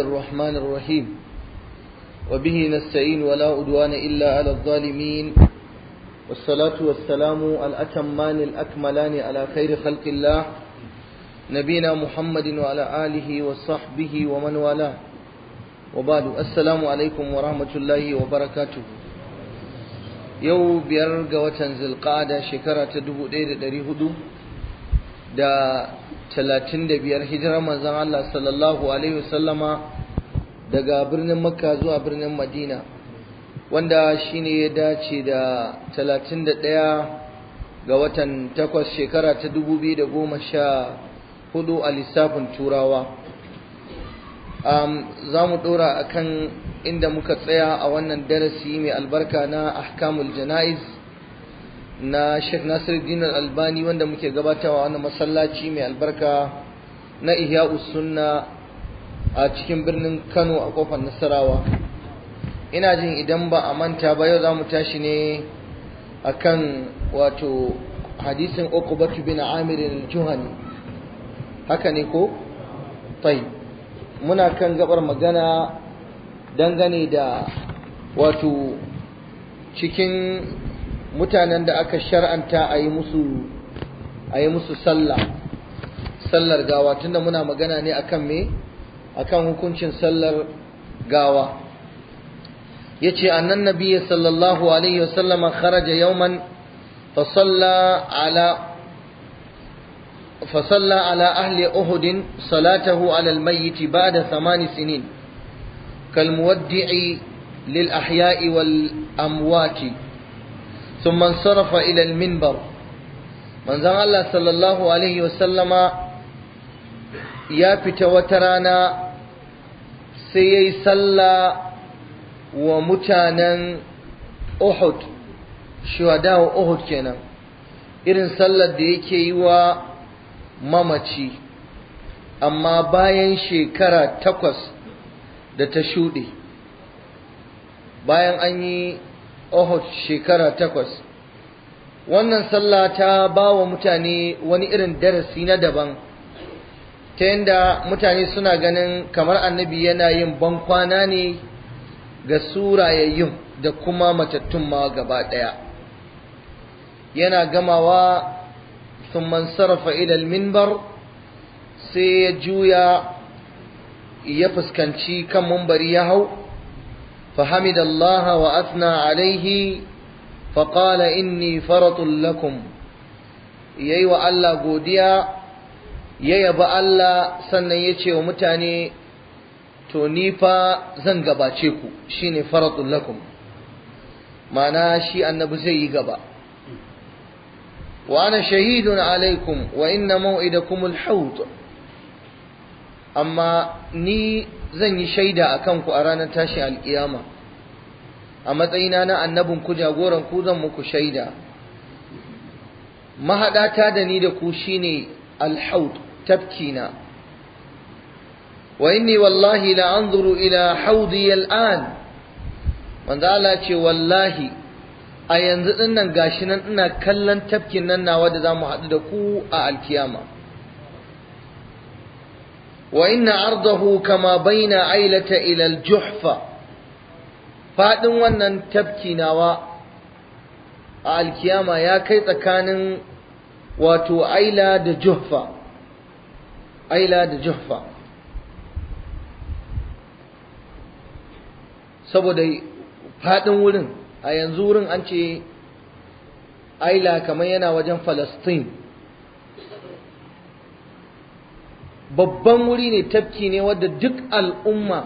الرحمن الرحيم وبه نستعين ولا أدوان إلا على الظالمين والصلاة والسلام الأتمان الأكملان على خير خلق الله نبينا محمد وعلى آله وصحبه ومن والاه وبعد السلام عليكم ورحمة الله وبركاته يو بيرغ وتنزل قاعدة شكرة دبو دير داري هدو da talatin da biyar hijirar manzan Allah sallallahu alaihi wasallama daga birnin makka zuwa birnin madina wanda shi ne ya dace da talatin da ɗaya ga watan takwas shekara ta dubu biyu da goma sha hudu a lissafin turawa za mu ɗora a kan inda muka tsaya a wannan darasi mai albarka na ahkamul jana'iz na Sheikh Nasiruddin Al-Albani wanda muke wa wannan masallaci mai albarka na Ihyau Sunna a cikin birnin Kano a kofar Nasarawa ina jin idan ba a manta ba yau zamu tashi ne akan wato hadisin Uqbah bin Amir al-Juhani haka ne ko tayi muna kan gabar magana dangane da wato cikin mutanen da aka shar'anta a yi musu a yi musu sallah sallar gawa tunda muna magana ne akan me akan hukuncin sallar gawa yace annan Nabiya sallallahu alaihi wasallama kharaja yawman fa ala ahli uhudin salatahu ala almayyit ba'da samani sinin kalmuwaddi'i lil ahya'i wal amwati ثم انصرف إلى المنبر من زن الله صلى الله عليه وسلم يا فتوترانا سيي صلى ومتانا أحد شهداء أحد كنا إرن صلى ديكي ومامتي amma bayan shekara takwas da ta shuɗe bayan an yi Ohot shekara takwas wannan sallah ta ba wa mutane wani irin darasi na daban ta yadda mutane suna ganin kamar annabi yana yin bankwana ne ga surayayyun da kuma matattun ma gaba ɗaya yana gamawa sun sarrafa ilal minbar sai ya juya ya fuskanci kan mumbari ya hau فحمد الله وأثنى عليه فقال إني فرط لكم yayi wa Allah godiya ya yaba Allah sannan ya ce wa mutane to ni fa zan gabace ku shine faratun lakum Ma'ana shi annabi zai yi gaba wa shahidun alaikum wa inna maw'idakum al-hawd amma ni zan yi shaida a kanku a ranar tashi alƙiyama. a matsayina na annabin ku jagoran ku zan muku shaida mahaɗata da ni da ku shine alhaut tafkina wa inni wallahi la anzuru ila haudi yal'an wanda Allah ce wallahi a yanzu nan gashi nan ina kallon tafkin nan nawa da za mu haɗu da ku a alkiyama Wa inna وإن kama كما بين عيلة إلى Juhfa, فادن wannan tafki nawa a alkiyama ya kai tsakanin wato aila da juhfa aila da juhfa saboda fadin wurin a yanzu wurin an ce aila kamar yana wajen Palestine babban wuri ne tafki ne wadda duk al'umma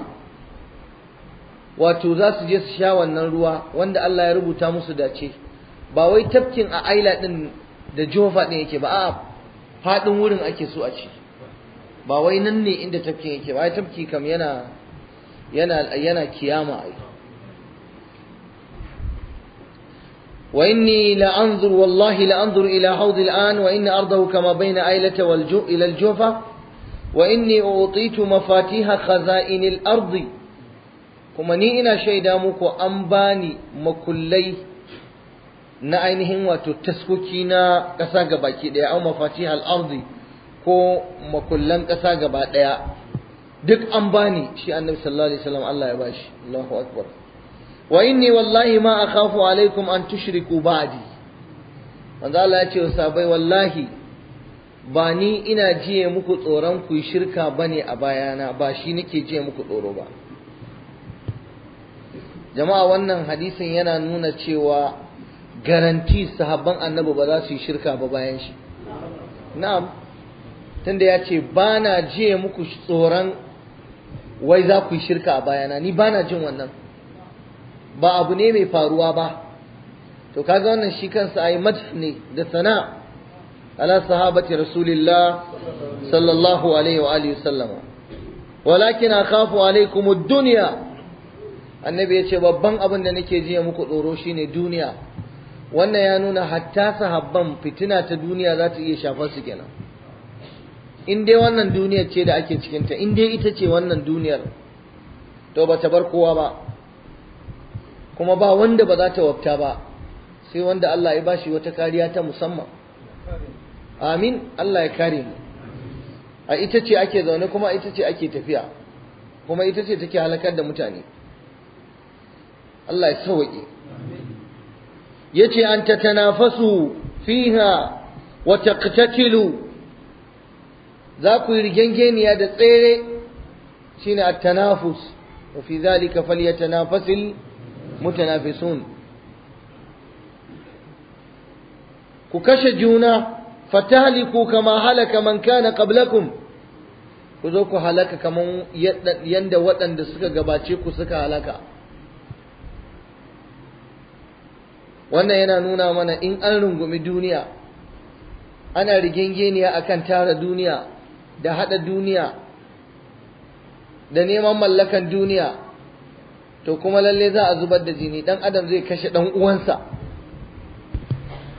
wato za su je su sha wannan ruwa wanda Allah ya rubuta musu dace ba wai tafkin a aila din da jofa din yake ba a faɗin wurin ake so a ci ba wai nan ne inda tafkin yake ba tafki kam yana yana yana kiyama ai وإني لأنظر والله لأنظر إلى حوض الآن kama أرضه كما بين أيلة ila إلى الجوفة وإني أعطيت مفاتيح خزائن الأرض kuma ni ina shaida muku an bani makullai na ainihin wato taskoki na ƙasa gaba ki ɗaya au mafati al'ardi ko makullan ƙasa gaba ɗaya duk an bani shi annabi sallallahu alaihi Allah ya bashi Allahu wa inni wallahi ma kafu alaikum an tushriku ba'di manzo Allah ya ce wa sabai wallahi ba ni ina jiye muku tsoron ku shirka ba ne a bayana ba shi nake jiye muku tsoro ba jama'a wannan hadisin yana nuna cewa garanti sahabban annabi ba za su yi shirka ba bayan shi na'am tunda ya ce ba na jiye muku tsoron wai za ku yi shirka a bayana ni ba na jin wannan ba abu ne mai faruwa ba to kaga wannan shi kansa a yi ne da sana'a على صحابة رسول الله صلى الله عليه وآله وسلم ولكن أخاف عليكم الدنيا annabi ya ce babban abin da nake jiya muku tsoro shine duniya wannan ya nuna hatta sahaban fitina ta duniya za iya shafa su kenan in dai wannan duniyar ce da ake cikinta in dai ita ce wannan duniyar to ba ta bar kowa ba kuma ba wanda ba za ta wafta ba sai wanda Allah ya bashi wata kariya ta musamman amin Allah ya kare mu a ita ce ake zaune kuma ita ce ake tafiya kuma ita ce take halakar da mutane Allah ya sauke yace an ta tatanafasu fiha wa taqtatilu za ku yi rigengeniya da tsere shine at-tanafus wa fi dhalika falyatanafasil mutanafisun ku kashe juna fatahliku kama halaka man kana qablakum ku zo ku halaka kaman yanda waɗanda suka gabace ku suka halaka wannan yana nuna mana in an rungumi duniya ana rigingeniya akan tara duniya da hada duniya da neman mallakan duniya to kuma lalle za a zubar da jini dan adam zai kashe dan uwansa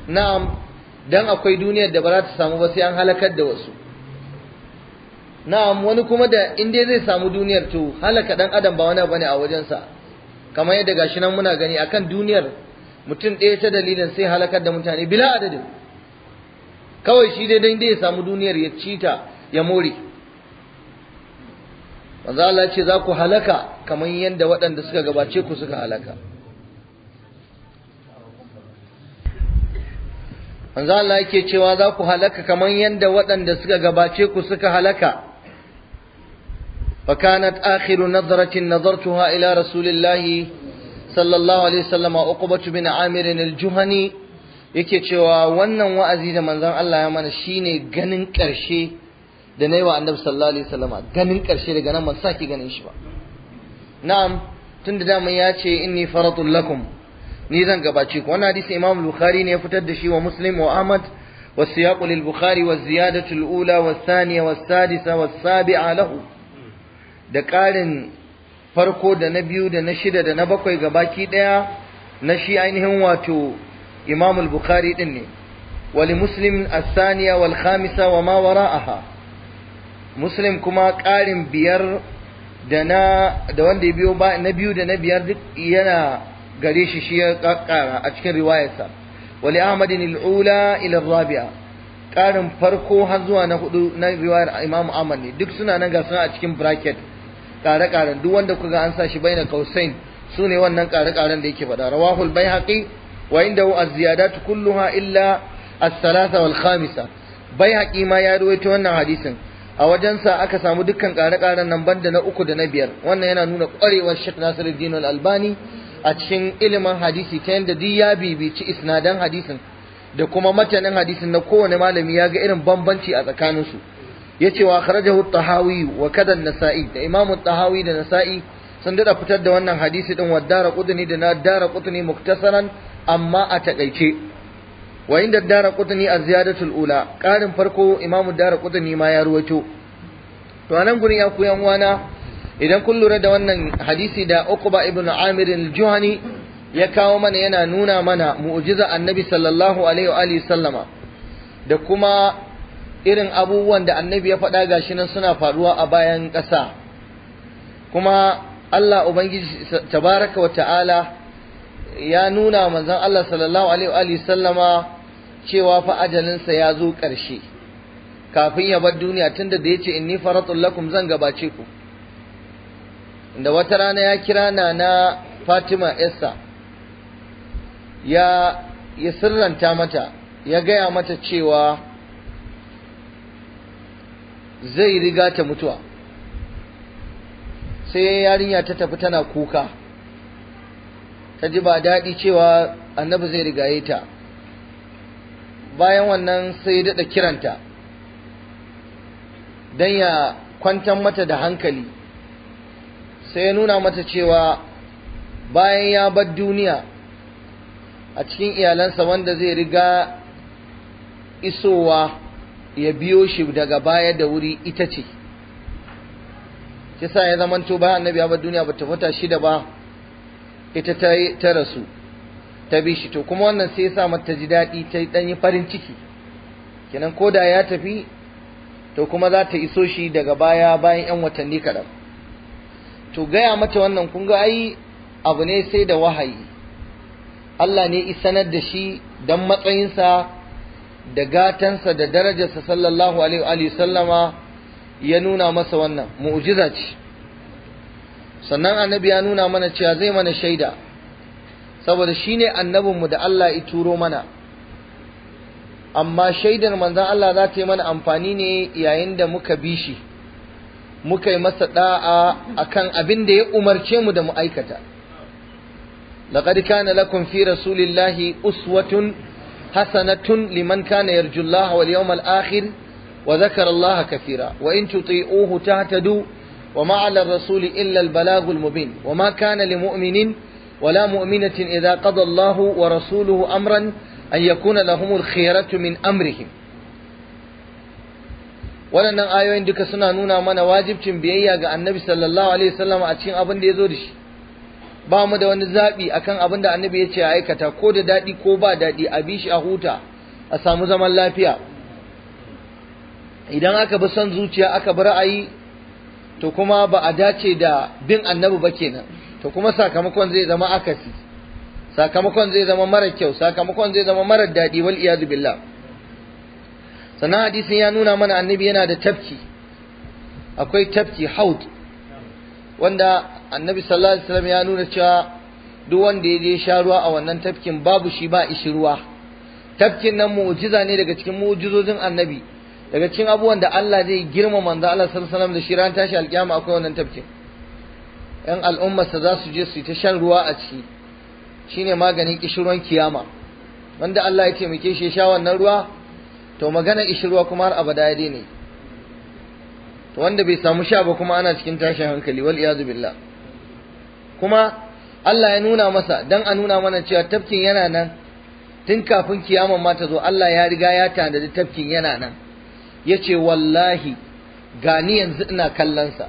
na'am dan akwai duniyar da ba za ta samu ba sai an halakar da wasu na'am wani kuma da in dai zai samu duniyar to halaka dan adam ba wani bane a wajensa kamar yadda gashi nan muna gani akan duniyar mutum ɗaya ta dalilin sai halakar da mutane bila adadin kawai shi dai dai ya samu duniyar ya ci ta, ya more manzo Allah ce za ku halaka kamar yadda waɗanda suka gabace ku suka halaka manzo Allah yake cewa za ku halaka kaman yadda waɗanda suka gabace ku suka halaka فكانت آخر نظرة نظرتها إلى رسول الله صلى الله عليه وسلم عقبة بن عامر الجهني yake cewa wannan wa'azi da manzon Allah ya mana shine ganin ƙarshe da nayi wa Annabi sallallahu alaihi wasallam ganin ƙarshe daga nan ban saki ganin shi ba na'am tunda da mun ya ce inni faratul lakum ni zan gabace ku wannan hadisi Imam Bukhari ne ya fitar da shi wa Muslim wa Ahmad wa siyaq lil Bukhari wa ziyadatu al ula wa thaniya wa sadisa wa sabi'a lahu da ƙarin farko da na biyu da na shida da na bakwai gabaki daya na shi ainihin wato Imam al-Bukhari din ne li Muslim al thaniya wal khamisa wa ma wara'aha Muslim kuma ƙarin biyar da na da wanda ya biyo ba na biyu da na biyar duk yana gare shi shi ya ƙara a cikin riwayarsa wali ahmadin al'ula ila rabi'a ƙarin farko har zuwa na hudu na riwayar imamu ahmad ne duk suna nan ga suna a cikin bracket ƙare duk wanda kuka an sa shi bai na kausain su ne wannan ƙare karen da yake faɗa rawahul bai haƙi wa inda hu az-ziyadat kulluha illa as-salasa wal khamisa bai haƙi ma ya ruwaito wannan hadisin a wajensa aka samu dukkan ƙare-ƙaren nan banda na uku da na biyar wannan yana nuna ƙwarewar Sheikh Nasiruddin Al-Albani a cikin ilimin hadisi ta yadda duk ya bibici isnadan hadisin da kuma matanin hadisin na kowane malami ya ga irin bambanci a tsakaninsu yace wa kharajahu tahawi wa kada nasai da imamu tahawi da nasa'i sun dada fitar da wannan hadisi din wa dara qudni da na dara qudni muktasaran amma a takaice wa inda dara qutni a ziyaratul ula karin farko imamu dara qutni ma ya ruwato to anan gurin ya koyan wana idan kun lura da wannan hadisi da Uqba ibn Amir al-Juhani ya kawo mana yana nuna mana mu'jiza annabi sallallahu alaihi wa alihi sallama da kuma irin abubuwan da annabi ya faɗa gashi nan suna faruwa a bayan ƙasa kuma Allah ubangiji tabaraka wa ta'ala ya nuna manzon Allah sallallahu alaihi wa alihi sallama cewa fa ajalinsa ya zo ƙarshe kafin ya bar duniya tun da ya ce inni faratun lakum zan gabace ku da wata rana ya kira na na fatima essa ya ya sirranta mata ya gaya mata cewa zai riga ta mutuwa sai yarinya ta tafi tana kuka ta ji ba daɗi cewa annabi zai rigaye ta bayan wannan sai daɗa kiranta don ya kwantar mata da hankali sai ya nuna mata cewa bayan ya bar duniya a cikin iyalansa wanda zai riga isowa ya biyo shi daga baya da wuri ita ce kisa ya zamanto bayan annabi ya bar duniya ba ta fata shida ba ita ta rasu ta bi shi to kuma wannan sai ya sa mata ji daɗi ta ɗan yi farin ciki kenan ko da ya tafi to kuma za ta iso shi daga baya bayan 'yan watanni kaɗan to gaya mata wannan kun ga ai abu ne sai da wahayi Allah ne isanar da shi don matsayinsa da gatansa da darajarsa sallallahu alaihi wa sallama ya nuna masa wannan mu'jiza ce sannan annabi ya nuna mana cewa zai mana shaida saboda shine annabinmu da Allah ya turo mana amma shaidar manzan Allah za ta yi mana amfani ne yayin da muka bi shi muka yi masa da'a kan abin da ya umarce mu da mu aikata laqad kana lakum fi rasulillahi uswatun hasanatun liman kana yarjullaha wal yawmal akhir wa dhakara allaha kathira wa in tuti'uhu tahtadu وما على الرسول إلا البلاغ المبين وما كان لمؤمن ولا مؤمنة إذا قضى الله ورسوله أمرا أن يكون لهم الخيرة من أمرهم waɗannan ayoyin duka suna nuna mana wajibcin biyayya ga annabi sallallahu alaihi wasallam a cikin abin da ya zo da shi ba mu da wani zaɓi a kan abin da annabi ya ce a aikata ko da daɗi ko ba daɗi a bi shi a huta a samu zaman lafiya idan aka bi son zuciya aka bi ra'ayi to kuma ba a dace da bin annabi ba kenan to kuma sakamakon zai zama akasi sakamakon zai zama mara kyau sakamakon zai zama mara daɗi wal iyadu billah sannan hadisin ya nuna mana annabi yana da tafki akwai tafki haud wanda annabi sallallahu alaihi wasallam ya nuna cewa duk wanda ya je sha ruwa a wannan tafkin babu shi ba ishi ruwa tafkin nan mu'jiza ne daga cikin mu'jizozin annabi daga cikin abubuwan da Allah zai girma manzo Allah sallallahu alaihi wasallam da shi ran tashi alkiyama akwai wannan tafkin yan al'ummarsa za su je su yi ta shan ruwa a ciki shine maganin ƙishirwan kiyama wanda Allah ya taimake shi ya sha wannan ruwa to magana ƙishirwa kuma har abada ya ne to wanda bai samu sha ba kuma ana cikin tashin hankali wal iyazu billah kuma Allah ya nuna masa dan a nuna mana cewa tafkin yana nan tun kafin kiyaman ma ta zo Allah ya riga ya tanadi tafkin yana nan yace wallahi gani yanzu ina kallon sa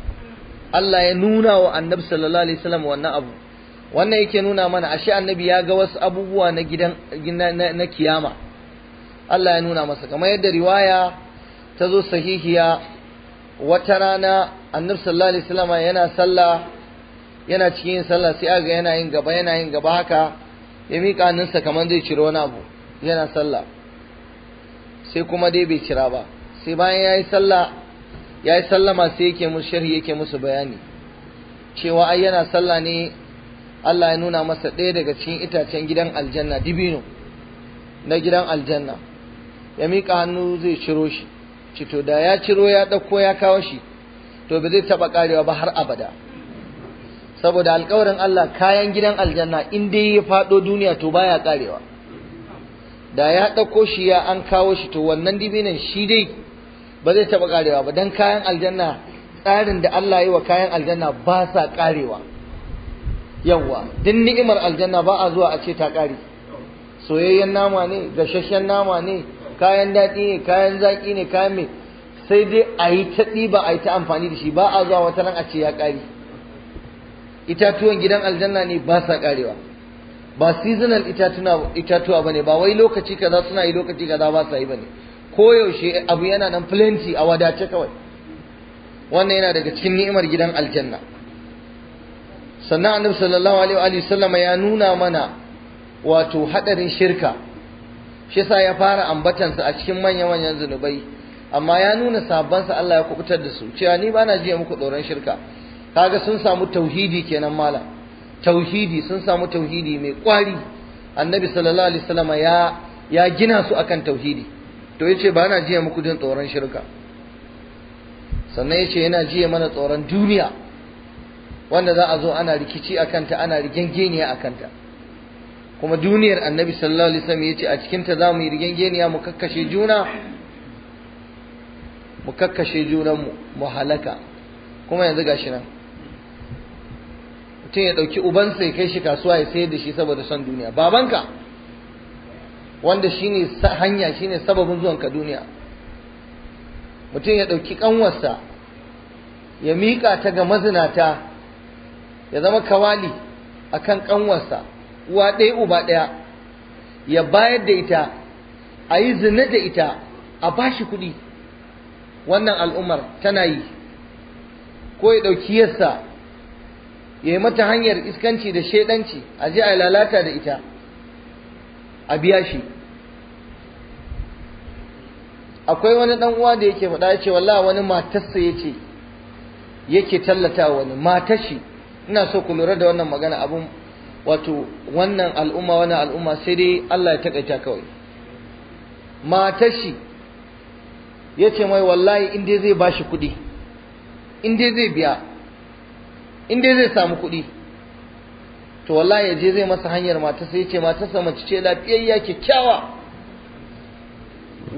Allah ya nuna wa annabi sallallahu alaihi wasallam wannan abu wannan yake nuna mana ashe annabi ya ga wasu abubuwa na gidan na, kiyama Allah ya nuna masa kamar yadda riwaya ta zo sahihiya wata rana annabi sallallahu alaihi wasallam yana sallah yana cikin sallah sai aga yana yin gaba yana yin gaba haka ya miƙa hannunsa kamar zai ciro wani abu yana sallah sai kuma dai bai cira ba sai bayan ya yi sallah ya yi sallama sai yake musu sharhi yake musu bayani cewa ai yana sallah ne Allah ya nuna masa ɗaya daga cikin itacen gidan aljanna dibino na gidan aljanna ya miƙa hannu zai ciro shi cito da ya ciro ya ɗauko ya kawo shi to ba zai taɓa ƙarewa ba har abada saboda alƙawarin Allah kayan gidan aljanna in dai ya faɗo duniya to baya karewa. da ya ɗauko shi ya an kawo shi to wannan dibinan shi dai ba zai taɓa karewa ba don kayan aljanna tsarin da Allah yi wa kayan aljanna ba sa ƙarewa yawwa duk ni'imar aljanna ba a zuwa a ce ta ƙare soyayyen nama ne gashashen nama ne kayan daɗi ne kayan zaki ne kayan mai sai dai a yi ta ɗiba a yi ta amfani da shi ba a zuwa wata ran a ce ya ƙare itatuwan gidan aljanna ne ba sa ƙarewa ba seasonal itatuwa ba ne ba wai lokaci kaza suna yi lokaci kaza ba sa yi ba ne koyaushe abu yana nan plenty a wadace kawai wannan yana daga cikin ni'imar gidan aljanna sannan annabi sallallahu alaihi wa sallama ya nuna mana wato hadarin shirka shi yasa ya fara ambatansa a cikin manyan manyan zunubai amma ya nuna sa Allah ya kubutar da su cewa ni bana jiya muku ɗoron shirka kaga sun samu tauhidi kenan malam tauhidi sun samu tauhidi mai kwari annabi sallallahu alaihi wasallam ya ya gina su akan tauhidi to ce ba na jiya muku jin tsoron shirka sannan ya ce yana jiya mana tsoron duniya wanda za a zo ana rikici a kanta ana rigengeniya a kanta kuma duniyar annabi sallallahu alaihi wasallam ce a cikin ta mu yi rigengeniya mu kakkashe juna mu kakkashe junanmu mu halaka kuma yanzu gashi nan mutum ya ɗauki ubansa ya kai shi kasuwa ya sayar da shi saboda son duniya babanka wanda shi ne hanya shi ne sababin zuwanka duniya mutum ya ɗauki ƙanwarsa ya miƙa ta ga mazinata ya zama kawali a kan ƙanwarsa uwa ɗaya uba ɗaya ya bayar da ita a yi zina da ita a ba shi kuɗi wannan al'ummar tana yi ko ya ɗauki yarsa ya yi mata hanyar iskanci da shaidanci a je a lalata da ita a biya shi akwai wani dan uwa da yake faɗa yace wallahi wani matarsa yace yake tallata wani matar shi ina so ku lura da wannan magana abun wato wannan al'umma wannan al'umma sai dai Allah ya takaita kawai matar shi yace mai wallahi in dai zai bashi kuɗi in dai zai biya in dai zai samu kuɗi to wallahi ya je zai masa hanyar mata sai ce sa mace ce lafiyayya kyakkyawa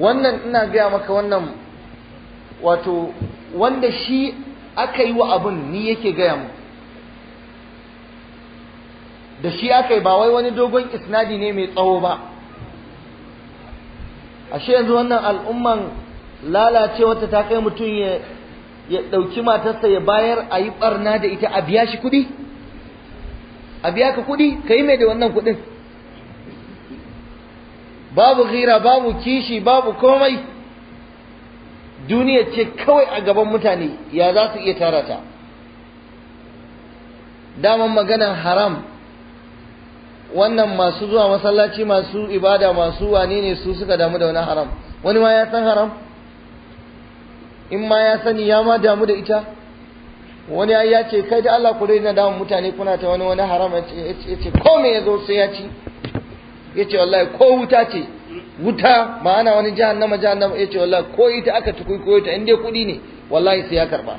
wannan ina gaya maka wannan wato wanda shi aka yi wa abun ni yake gaya mu da shi aka yi ba wai wani dogon isnadi ne mai tsawo ba ashe yanzu wannan al'umman lalace wata ta kai mutum ya ɗauki matarsa ya bayar a yi ɓarna da ita a biya shi kuɗi a biya ka kuɗi ka yi mai da wannan kuɗin babu gira babu kishi babu komai duniya ce kawai a gaban mutane ya za su iya tara ta daman maganan haram wannan masu zuwa masallaci masu ibada masu wane ne su suka damu da wani haram wani ma ya san haram in ma ya sani ya ma damu da ita wani ya ce kai da Allah ku daina damun mutane kuna ta wani wani haram ya ce ko me ya zo sai ya ci ya ce wallahi ko wuta ce wuta ma'ana wani jahannama jahannama ya ce wallahi ko ita aka tukui ko ita inda kuɗi ne wallahi sai ya karba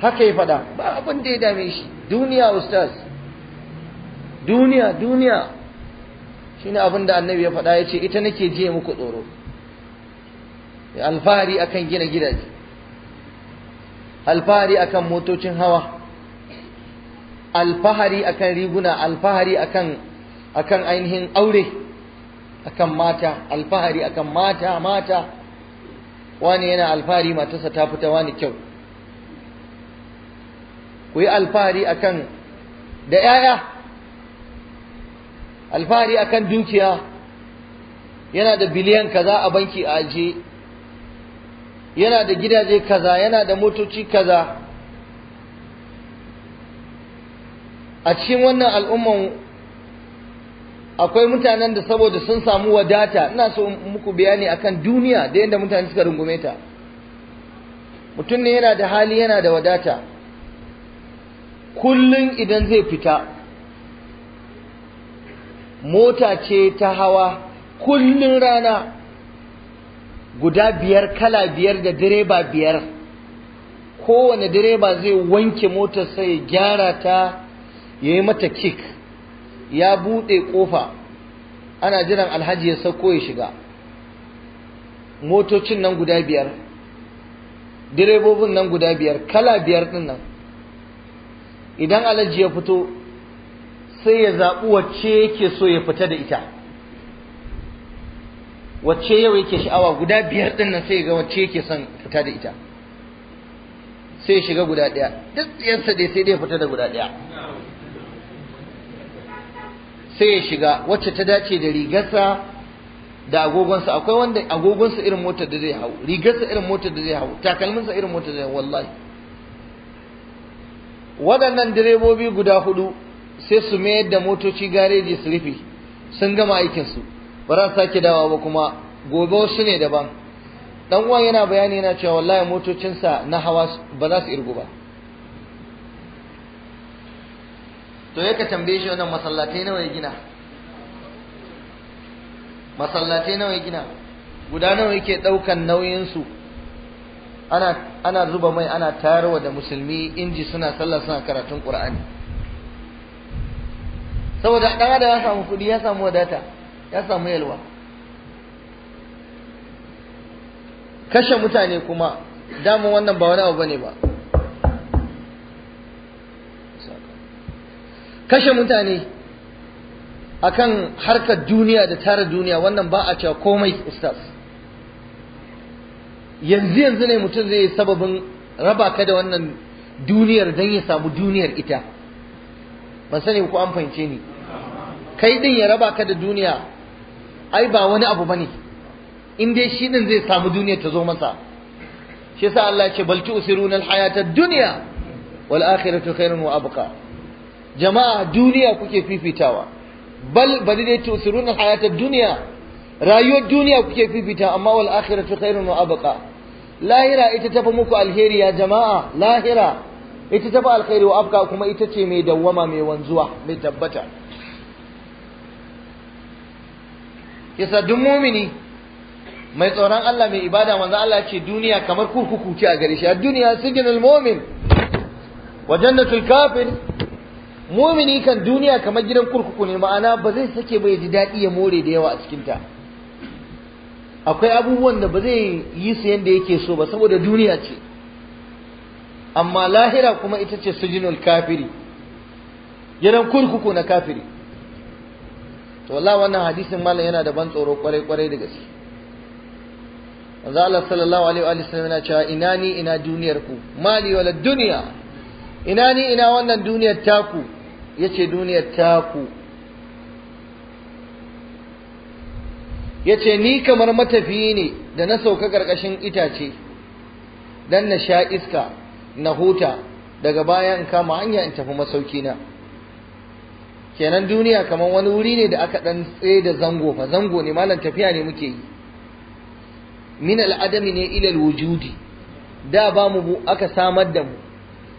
haka ya faɗa ba abin da ya dame shi duniya ustaz duniya duniya shine abin da annabi ya faɗa ya ce ita nake je muku tsoro alfahari akan gina gidaje alfahari akan motocin hawa alfahari akan riguna alfahari akan akan ainihin aure akan mata alfahari akan mata mata wani yana alfahari matarsa ta fita wani kyau ku yi alfahari akan da 'ya'ya alfahari akan dukiya yana da biliyan kaza a banki a ajiye yana da gidaje kaza yana da motoci kaza a cikin wannan al'umman akwai mutanen da saboda sun samu wadata ina so muku bayani akan duniya da yadda mutane suka rungume ta mutum ne yana da hali yana da wadata kullum idan zai fita mota ce ta hawa kullum rana guda biyar kala biyar da direba biyar kowane direba zai wanke motar sai gyara ta ya yi mata kik ya buɗe ƙofa ana jiran alhaji ya sauko ya shiga motocin nan guda biyar direbobin nan guda biyar kala biyar ɗin nan idan alhaji ya fito sai ya zaɓi wacce yake so ya fita da ita wacce yau yake sha'awa guda biyar din nan sai ga wacce yake son fita da ita sai ya shiga guda ɗaya duk tsiyarsa dai sai dai fita da guda ɗaya sai ya shiga wacce ta dace da rigarsa da agogonsa akwai wanda agogonsa irin motar da zai hau rigarsa irin motar da zai hau takalminsa irin motar da zai hau wallahi waɗannan direbobi guda hudu sai su mayar da motoci gareji su rufe sun gama aikinsu ba za sake dawa ba kuma gobe wasu ne daban dan uwan yana bayani yana cewa wallahi motocinsa na hawa ba za su irgu ba to yaka tambaye shi wannan masallatai nawa ya gina masallatai nawa ya gina guda nawa yake daukan nauyin su ana zuba mai ana tayarwa da musulmi inji suna sallah suna karatun qur'ani saboda dan adam ya samu kudi ya samu wadata ya samu yalwa kashe mutane kuma damun wannan ba wani abu bane ba kashe mutane akan harkar duniya da tara duniya wannan ba a cewa komai ustaz yanzu yanzu ne mutum zai yi sababin raba ka da wannan duniyar don ya samu duniyar ita ban sani ku an fahimce ni kai din ya raba ka da duniya ai ba wani abu bane in dai shi din zai samu duniya ta zo masa shi yasa Allah ya ce bal tu'siruna al-hayata ad-dunya wal akhiratu khairun wa abqa jama'a duniya kuke fifitawa bal bal dai tu'siruna al-hayata ad-dunya rayuwar duniya kuke fifita amma wal akhiratu khairun wa abqa lahira ita tafi muku alheri ya jama'a lahira ita tafi alkhairi wa abqa kuma ita ce mai dawwama mai wanzuwa mai tabbata yasa duk mumini mai tsoron Allah mai ibada manzo Allah ce duniya kamar kurkuku ce a gare shi a duniya sijinul mu'min wa jannatul kafir mumini kan duniya kamar gidan kurkuku ne ma'ana ba zai sake ba ya ji daɗi ya more da yawa a cikin ta akwai abubuwan da ba zai yi su yanda yake so ba saboda duniya ce amma lahira kuma ita ce sijinul kafiri gidan kurkuku na kafiri wallahi wannan hadisin malam yana da ban tsoro kwarai kwarai da gaske manzo Allah sallallahu alaihi wa sallam yana cewa ina ni ina duniyar ku mali wala dunya ina ni ina wannan duniyar taku yace duniyar taku yace ni kamar matafiyi ne da na sauka karkashin itace dan na sha iska na huta daga baya in kama hanya in tafi masauki na kenan duniya kamar wani wuri ne da aka dan tsaye da zango fa zango ne malam tafiya ne muke yi min al'adami ne ilal wujudi da ba mu aka samar da mu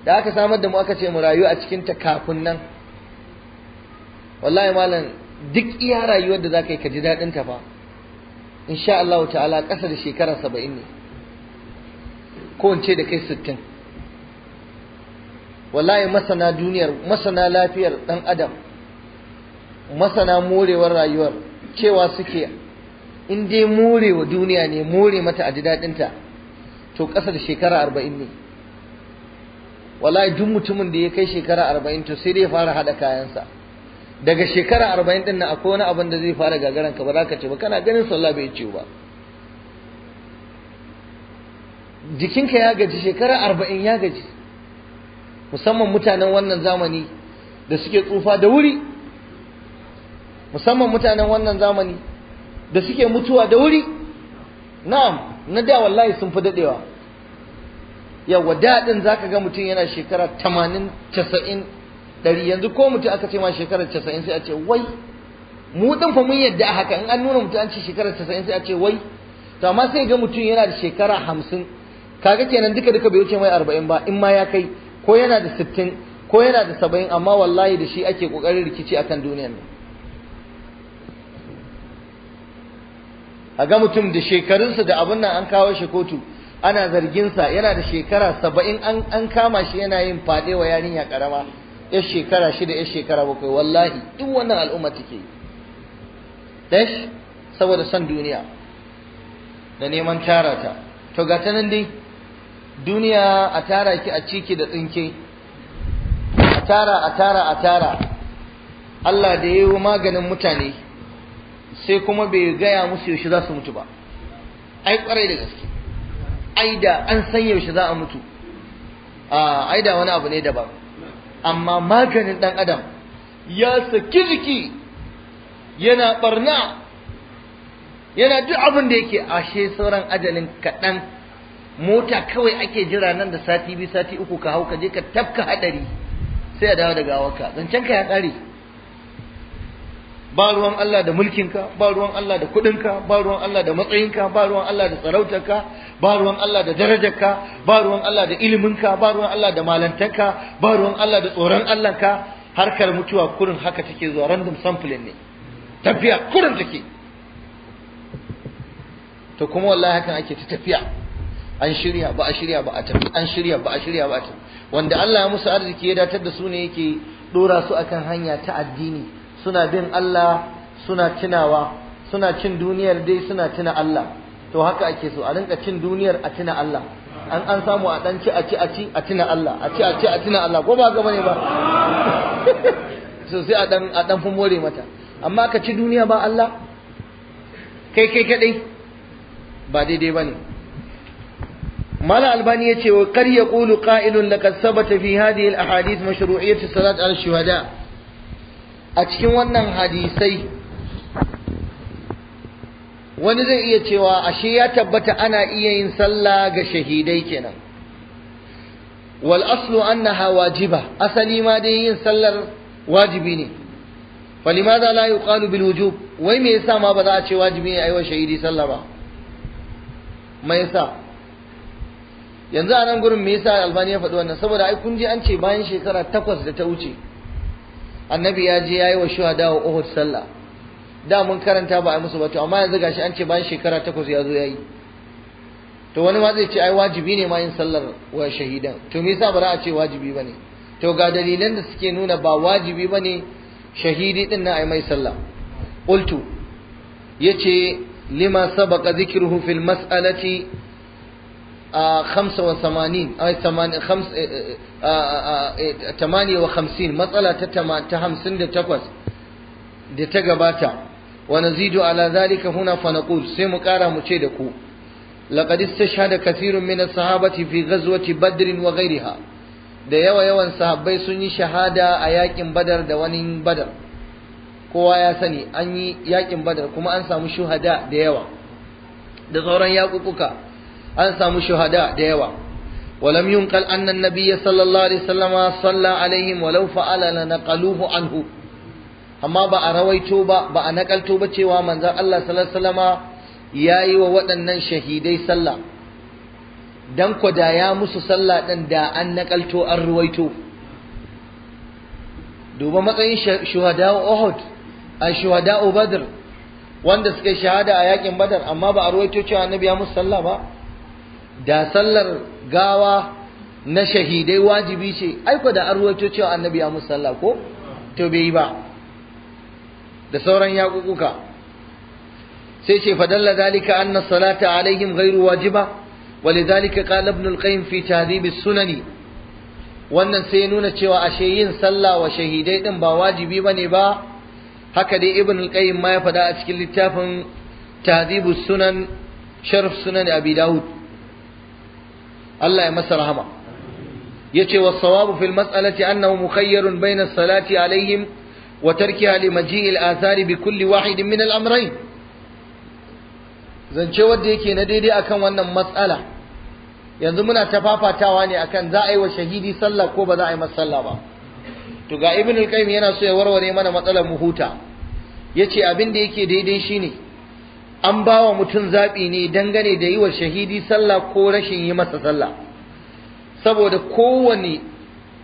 da aka samar da mu aka ce mu rayu a cikin ta kafin nan wallahi malam duk iya rayuwar da zaka yi ka ji dadin ta fa insha Allah ta'ala ƙasa da shekara 70 ne ko in ce da kai 60 wallahi masana duniyar masana lafiyar dan adam masana morewar rayuwar cewa suke in dai morewa duniya ne more mata a ji daɗinta to ƙasa da shekara arba'in ne wallahi duk mutumin da ya kai shekara arba'in to sai dai fara haɗa kayansa daga shekara arba'in ɗin na akwai wani abin da zai fara gagaran ka ba za ka ce ba kana ganin sallah bai ce ba jikinka ya gaji shekara arba'in ya gaji musamman mutanen wannan zamani da suke tsufa da wuri musamman mutanen wannan zamani da suke mutuwa da wuri na'am na da wallahi sun fi dadewa yawa daɗin ka ga mutum yana shekara tamanin casa'in ɗari yanzu ko mutum aka ce ma shekarar casa'in sai a ce wai mu ɗin fa mun yadda a haka in an nuna mutum an ce shekarar casa'in sai a ce wai to amma sai ga mutum yana da shekara hamsin kaga kenan duka duka bai wuce mai arba'in ba in ma ya kai ko yana da sittin ko yana da saba'in amma wallahi da shi ake ƙoƙarin rikici akan duniyar nan a ga mutum da shekarunsa da abin nan an kawo shi kotu ana zarginsa yana da shekara saba'in an kama shi yana yin fade wa yarinya ƙarama ya shekara shida ya shekara bakwai wallahi duk wannan al'umma take yi dash saboda son duniya da neman tara ta to ga ta nan dai duniya a tara ki a ciki da tsinke a tara a tara a tara Allah da ya yi maganin mutane sai kuma bai gaya musu yaushe za su mutu ba ai kwarai da gaske ai da an san yaushe za a mutu ai da wani abu ne daban amma maganin dan adam ya saki jiki yana barna yana duk abin da yake ashe sauran ajalin kaɗan mota kawai ake jira nan da sati biyu sati uku ka hau ka je ka tafka hadari sai a dawo daga gawarka zancen ka ya ƙare ba ruwan Allah da mulkinka ba ruwan Allah da kudinka ba ruwan Allah da matsayinka ba ruwan Allah da tsarautarka ba ruwan Allah da darajarka ba ruwan Allah da iliminka ba ruwan Allah da malantarka ba ruwan Allah da tsoron Allahnka harkar mutuwa kurin haka take zuwa random sampling ne tafiya kurin take to kuma wallahi hakan ake ta tafiya an shirya ba a shirya ba a tafi an shirya ba a shirya ba a tafi wanda Allah ya musu arziki ya datar da su ne yake dora su akan hanya ta addini suna bin Allah suna tunawa suna cin duniyar dai suna tuna Allah to haka ake so a rinka cin duniyar a tuna Allah an an samu a dan ci a ci a ci a tuna Allah a ci a ci a tuna Allah ko ba ga ne ba Sosai a ɗan a dan more mata amma ka ci duniya ba Allah kai kai kaɗai? ba daidai ba ne. mala albani yace wa kar yaqulu da ka sabata fi hadhihi al ahadith mashru'iyyat as-salat ala shuhada' a cikin wannan hadisai wani zai iya cewa ashe ya tabbata ana iya yin sallah ga shahidai kenan wal aslu annaha wajiba asali ma dai yin sallar wajibi ne falimadha la yuqalu bil wujub wai me yasa ma ba za a ce wajibi ne ayi wa shahidi sallah ba me yasa yanzu a nan gurin me yasa albani ya faɗi wannan saboda ai kun ji an ce bayan shekara takwas da ta wuce annabi ya je yayi wa shuhada wa Uhud sallah da mun karanta ba a musu ba to amma yanzu gashi an ce bayan shekara takwas ya zo yayi to wani ma zai ce ai wajibi ne ma yin sallar wa shahidan to me yasa ba za a ce wajibi ne to ga dalilan da suke nuna ba wajibi bane shahidi din a ai mai sallah qultu yace lima sabaqa dhikruhu fil mas'alati 85 58 matsala ta 58 da ta gabata wani zido ala zalika huna fa sai mu kara mu ce da ku laqad sha da min as-sahabati fi ghazwati badirin wa ghayriha da yawa yawan sahabbai sun yi shahada a yakin badar da wani badar kowa ya sani an yi yakin badar kuma an samu shuhada da yawa da sauran yakukuka an samu shuhada da yawa ولم ينقل أن النبي صلى الله عليه وسلم صلى عليهم ولو فعل لنقلوه عنه amma ba a rawaito ba ba a nakalto ba cewa manzon Allah yayi wa waɗannan shahidai sallah dan ko da ya musu sallah da an nakalto an ruwaito duba matsayin shuhada a shuhada Badr wanda suka shahada a yakin badar amma ba a ruwaito cewa annabi ya musu sallah ba da sallar gawa na shahidai wajibi ce aiko da an ruwaito cewa annabi ya musu sallah ko to bai yi ba da sauran yaƙuƙuka sai ce fadalla zalika anna salata alaihim ghairu wajiba walidhalika qala ibn al-qayyim fi tahdhib sunani wannan sai nuna cewa ashe yin sallah wa shahidai din ba wajibi bane ba haka dai ibn al-qayyim ma ya faɗa a cikin littafin tahdhib sunan sharh sunan abi daud Allah ya masa rahama yace was sawabu fil mas'alati annahu mukhayyarun bayna as-salati alaihim wa tarkiha li maji'il athari bi kulli wahidin min al-amrayn zance wanda yake na daidai akan wannan matsala yanzu muna ta fafatawa ne akan za a yi wa shahidi sallah ko ba za a yi masa sallah ba to ga ibn al-qayyim yana so ya warware mana matsalar mu huta yace abin da yake daidai shine an ba wa mutum zaɓi ne dangane da yi wa shahidi sallah ko rashin yi masa sallah saboda kowane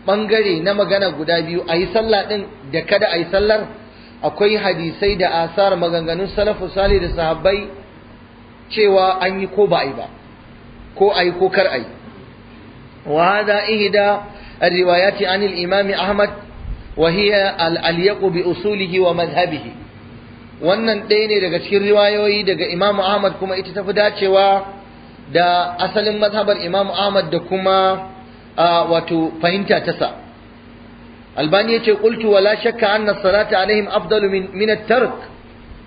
ɓangare na magana guda biyu a yi sallah ɗin da kada a yi sallar akwai hadisai da asar maganganun salafu sali da sahabbai cewa an yi ko ba a yi ba ko a yi ko kar a yi wa hada ihda riwayati anil imami ahmad wa hiya al usulihi wa madhhabihi wannan ɗaya ne daga cikin riwayoyi daga Imam Ahmad kuma ita tafi dacewa da asalin mazhabar Imam Ahmad da kuma wato fahimta ta sa Albani ce kultu wala shakka anna salata alaihim afdalu min tark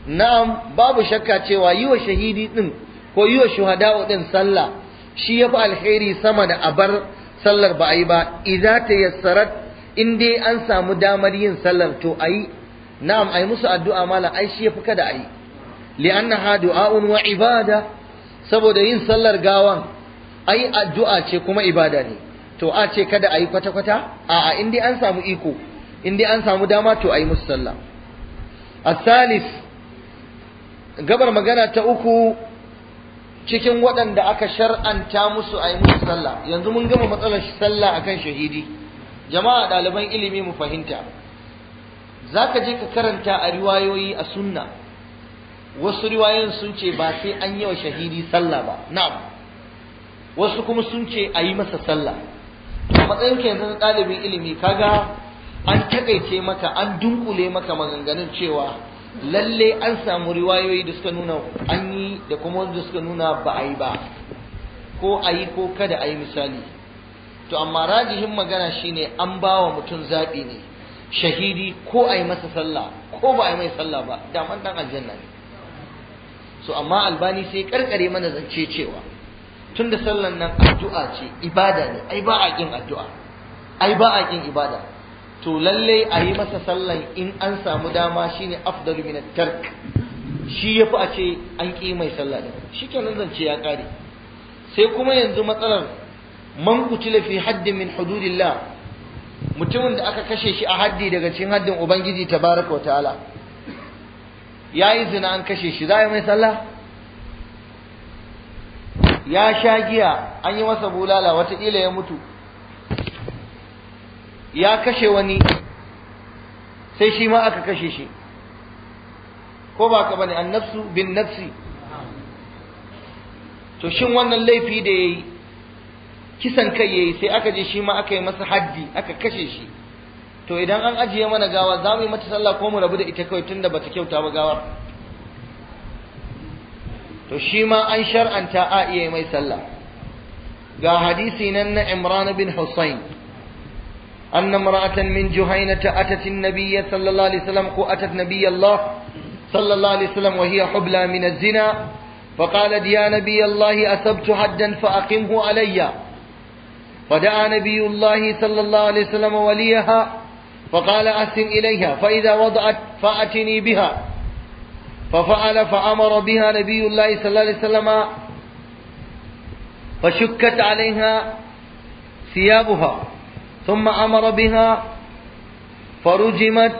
na'am babu shakka cewa yi wa shahidi din ko yi wa shuhada din sallah shi yafi alheri sama da abar sallar ba a yi ba idza tayassarat in dai an samu damar yin sallar to ayi na'am ai musu addu'a malam ai shi yafi kada ai li'annaha du'a'un wa ibada saboda yin sallar gawan ai addu'a ce kuma ibada ne to a ce kada ayi kwata kwata a'a in an samu iko in an samu dama to ayi musu sallah as-salis gabar magana ta uku cikin waɗanda aka shar'anta musu a yi musu sallah yanzu mun gama matsalar sallah akan shahidi jama'a ɗaliban ilimi mu fahimta Za ka je ka karanta a riwayoyi a sunna wasu riwayoyin sun ce ba sai an yi wa shahidi sallah ba na'am wasu kuma sun ce a yi masa sallah a matsayin ka yanzu ɗalibin ilimi kaga an takaice maka an dunkule maka maganganun cewa lalle an samu riwayoyi da suka nuna an yi da kuma wanda suka nuna ba a yi ba ko a yi ko kada a yi misali to amma rajihin magana shine an ba wa mutum zaɓi ne shahidi ko a yi masa sallah ko ba a yi mai sallah ba daman dan aljanna ne so amma albani sai karkare mana zance cewa tunda sallan nan addu'a ce ibada ne ai ba a kin addu'a ai ba a kin ibada to lallai a yi masa sallan in an samu dama shine afdalu min tark shi yafi a ce an ki mai sallah din shikenan zance ya kare sai kuma yanzu matsalar man kutila fi haddin min hududillah mutumin da aka kashe shi a haddi daga cikin haddin ubangiji tabaraka Ya yayi zina an kashe shi za a yi mai sallah ya sha giya an yi masa bulala wataƙila ya mutu ya kashe wani sai shi ma aka kashe shi ko ba ka bane annafsu bin nafsi to shin wannan laifi da yayi kisan kai yayi sai aka je shi ma aka yi masa haddi aka kashe shi to idan an ajiye mana gawa za mu yi mata sallah ko mu rabu da ita kawai tunda bata kyauta ba gawar to shi ma an shar'anta a iya mai sallah ga hadisi nan na Imran bin Husayn أن امرأة من جهينة أتت النبي صلى الله عليه وسلم أتت نبي الله صلى الله عليه وسلم وهي حبلى من الزنا فقالت يا نبي الله أسبت حدا فأقمه عليّ فدعا نبي الله صلى الله عليه وسلم وليها فقال أحسن إليها فإذا وضعت فأتني بها ففعل فأمر بها نبي الله صلى الله عليه وسلم فشكت عليها ثيابها ثم أمر بها فرجمت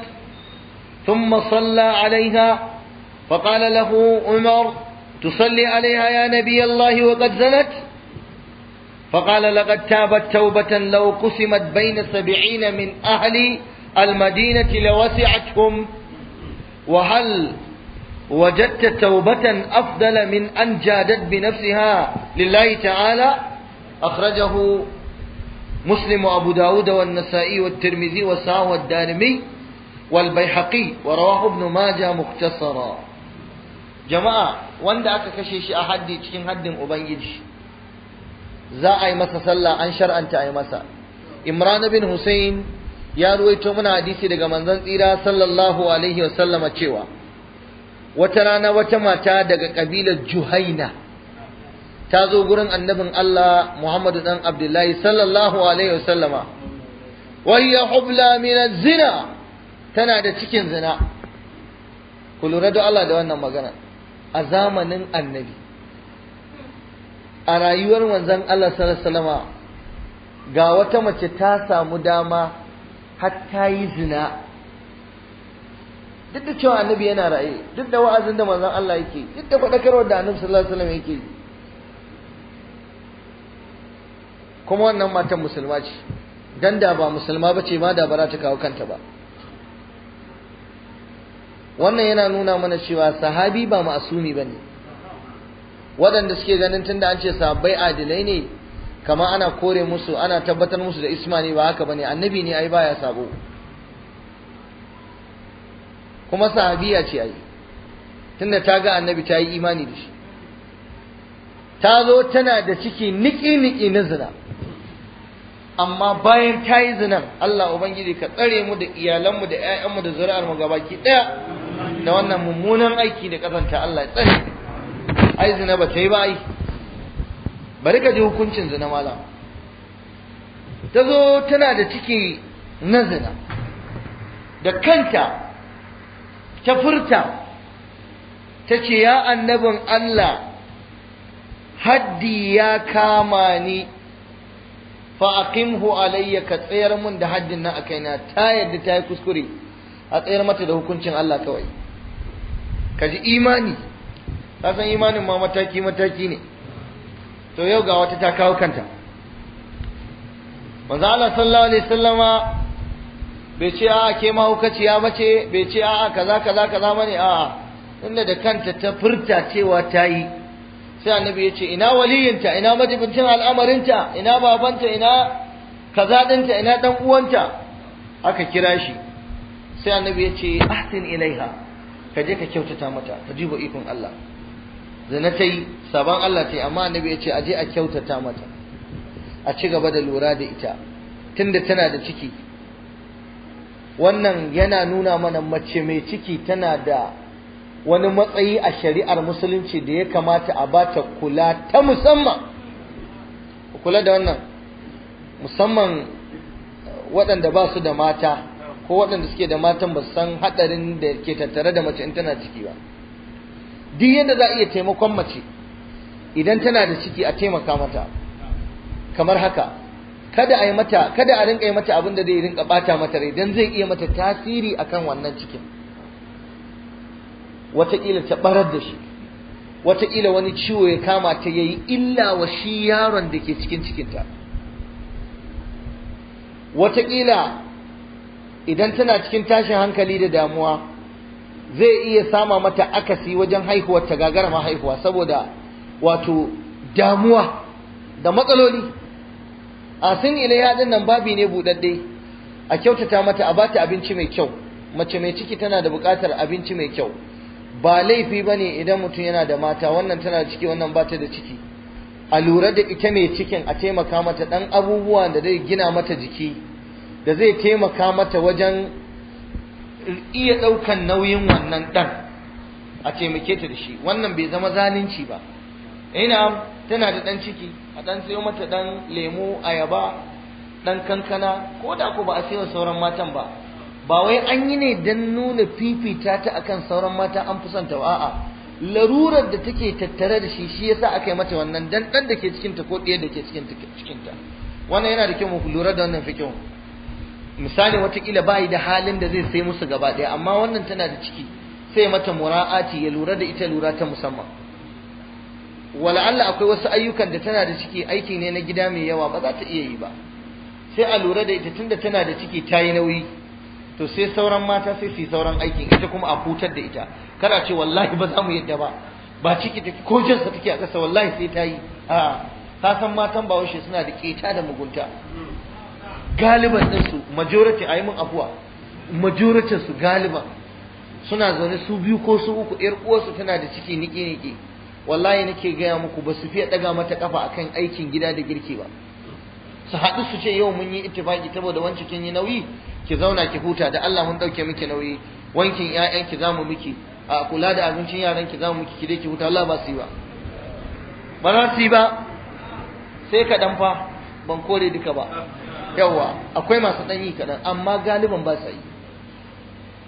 ثم صلى عليها فقال له عمر تصلي عليها يا نبي الله وقد زنت فقال لقد تابت توبة لو قسمت بين سبعين من أهل المدينة لوسعتهم وهل وجدت توبة أفضل من أن جادت بنفسها لله تعالى أخرجه مسلم وأبو داود والنسائي والترمذي والسعى والدارمي والبيحقي ورواه ابن ماجه مختصرا جماعة وان دعك كشيش أحد تشين حد أبنجي za a yi masa sallah an shar'anta a yi masa imran bin Hussein ya ruwaito mana hadisi daga manzon tsira sallallahu alaihi wasallama cewa wata rana wata mata daga kabilar juhaina ta zo gurin annabin Allah Muhammadu dan Abdullahi sallallahu alaihi wasallama ya hubla min zina tana da cikin zina ku lura da Allah da wannan magana a zamanin annabi a rayuwar wanzan Allah sallallahu ga wata mace ta samu dama har ta yi zina duk da cewa annabi yana raye duk da wa'azin da manzon Allah yake duk da faɗakarwar da annabi sallallahu alaihi wasallam yake kuma wannan matan musulma ce dan da ba musulma bace ma da bara ta kawo kanta ba wannan yana nuna mana cewa sahabi ba ma'asumi bane waɗanda suke ganin tunda an ce sahabbai adilai ne kama ana kore musu ana tabbatar musu da isma ne ba haka bane annabi ne ai baya sabo kuma sahabiya ce ai tunda ta ga annabi ta yi imani da shi ta zo tana da ciki niki-niki na zina amma bayan ta yi zinan Allah Ubangiji ka tsare mu da iyalanmu da 'ya'yanmu da zuri'armu gabaki ɗaya da wannan mummunan aiki da ƙazanta Allah ya tsare ai zina ba ta yi ba ai bari ka ji hukuncin zina mala Tazo tana da ciki na zina da kanta ta furta ta ce ya annabin Allah haddi ya kama ni fa aqimhu alayya ka tsayar mun da haddin na akai na ta yadda ta yi kuskure a tsayar mata da hukuncin Allah kawai ka ji imani ka san imanin ma mataki mataki ne to yau ga wata ta kawo kanta manzo Allah sallallahu alaihi wasallama bai ce a'a ke mahaukaciya bace bai ce a'a kaza kaza kaza bane a'a inda da kanta ta furta cewa ta yi sai annabi ya ce ina waliyinta ina majibincin al'amarinta ina babanta ina kaza dinta ina dan uwanta aka kira shi sai annabi ya ce ahsin ilaiha ka je ka kyautata mata ka jiba ikon Allah zina ta yi saban Allah ta yi amma annabi ya ce a je a kyautata mata a ci gaba da lura da ita tunda tana da ciki wannan yana nuna mana mace mai ciki tana da wani matsayi a shari'ar musulunci da ya kamata a bata kula ta musamman kula da wannan musamman waɗanda ba su da mata ko waɗanda suke da matan ba san haɗarin da ke tattare da mace in tana ciki ba duk yadda za a iya taimakon mace idan tana da ciki a taimaka mata kamar haka kada a yi mata kada a rinka yi mata abin da zai rinka bata mata rai dan zai iya mata tasiri akan wannan cikin wataƙila ta barar da shi wataƙila wani ciwo ya kama ta yayi illa wa shi yaron da ke cikin cikinta wataƙila idan tana cikin tashin hankali da damuwa zai iya sama mata akasi wajen haihuwar ta gagara ma haihuwa saboda wato damuwa da matsaloli a sun ila ya nan babi ne budadde a kyautata mata a bata abinci mai kyau mace mai ciki tana da bukatar abinci mai kyau ba laifi ba ne idan mutum yana da mata wannan tana da ciki wannan bata da ciki a lura da ita mai cikin a taimaka mata ɗan abubuwan da zai gina mata jiki da zai taimaka mata wajen iya ɗaukan nauyin wannan ɗan a taimake ta da shi wannan bai zama zalunci ba ina eh, tana da ɗan ciki a ɗan sayo mata ɗan lemo ayaba ɗan kankana ko da ko ba a sayo sauran matan ba ba wai an yi ne don nuna fifita ta akan sauran mata an fi son ta a'a larurar da take tattare da shi shi yasa aka yi mata wannan dan ɗan da ke cikinta ko ɗaya da ke cikinta wannan yana da kyau mu lura da wannan fikihun misali watakila bai da halin da zai sai musu gaba ɗaya amma wannan tana da ciki sai mata mura'ati ya lura da ita lura ta musamman wala'alla akwai wasu ayyukan da tana da ciki aiki ne na gida mai yawa ba za ta iya yi ba sai a lura da ita tunda tana da ciki ta yi nauyi to sai sauran mata sai su yi sauran aikin ita kuma a hutar da ita kada ce wallahi ba za mu yadda ba ba ciki da ko jinsa take a ƙasa wallahi sai ta yi a ka san matan bahaushe suna da keta da mugunta galiban din su majority ayi mun afuwa majority su galiban suna zaune su biyu ko su uku yar uwarsu tana da ciki niki niki wallahi nake gaya muku ba su fiye daga mata kafa akan aikin gida da girki ba su haɗu su ce yau mun yi ittifaki saboda wancan kin yi nauyi ki zauna ki huta da Allah mun ɗauke miki nauyi wankin ƴaƴan ki zamu miki a kula da abincin yaran ki zamu miki ki dai ki huta Allah ba su yi ba ba za su yi ba sai ka dan fa ban kore duka ba yawa akwai masu ɗanyi kaɗan amma galiban ba sa yi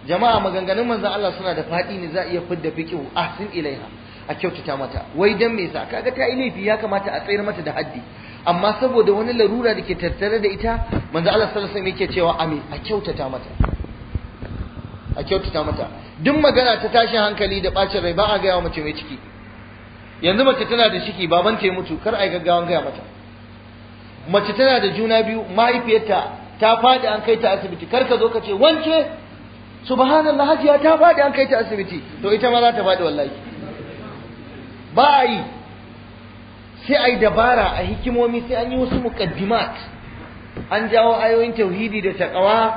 jama'a maganganun manzan Allah suna da faɗi ne za a iya fidda a sun ilaiha a kyautata mata wai dan me yasa kaga ta yi laifi ya kamata a tsayar mata da haddi amma saboda wani larura da ke tattare da ita manzo Allah sallallahu alaihi wasallam yake cewa ame a kyautata mata a kyautata mata duk magana ta tashin hankali da ɓacin rai ba a gaya wa mace mai ciki yanzu mace tana da ciki baban ta ya mutu kar a yi gaggawan gaya mata mace tana da juna biyu mahaifiyarta ta faɗi an kai ta asibiti kar ka zo ka ce wance subhanallah hajiya ta fadi an kai ta asibiti to ita ma za ta fadi wallahi ba a yi sai a yi dabara a hikimomi sai an yi wasu muƙaddimat. an jawo ayoyin tauhidi da taƙawa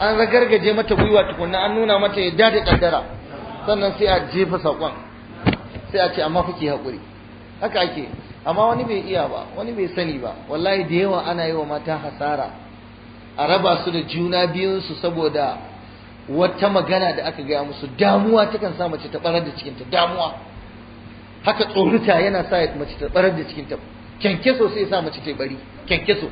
an ragargaje mata gwiwa tukunna an nuna mata yadda da kaddara sannan sai a jefa saƙon. sai a ce amma fuke hakuri haka ake amma wani bai iya ba wani bai sani ba wallahi da yawa ana yi wa mata hasara a raba su da juna biyunsu saboda wata magana da aka gaya musu damuwa takan sa mace ta barar da cikinta damuwa haka tsoruta yana sa mace ta barar da cikinta kyankyaso sai sa mace ta bari kyankyaso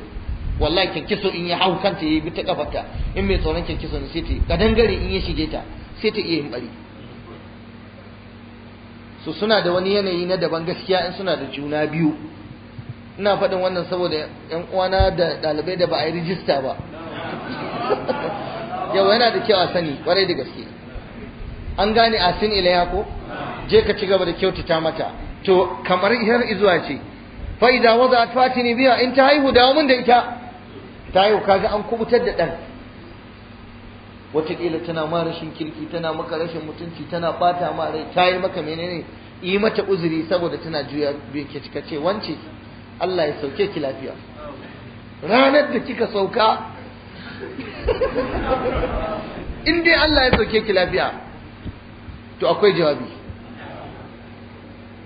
wallahi kyankyaso in ya hau kanta ya bi ta kafarta in mai tsoron kyankyaso ne sai ta yi kadangare in ya shige ta sai ta iya yin bari su suna da wani yanayi na daban gaskiya in suna da juna biyu ina faɗin wannan saboda yan uwana da ɗalibai da ba a yi rijista ba yawa yana da kyau a sani kwarai da gaske an gane asin ilaiha ko je ka ci gaba da kyautata mata to kamar yar izuwa ce fa idza fatini biya. in ta haihu da mun da ita ta haihu kaga an kubutar da ɗan. wataƙila tana ma rashin kirki tana maka rashin mutunci tana bata ma rai ta yi maka menene yi mata uzuri saboda tana juya bai ke cika ce wance Allah ya sauke ki lafiya ranar da kika sauka in dai Allah ya sauke ki lafiya to akwai jawabi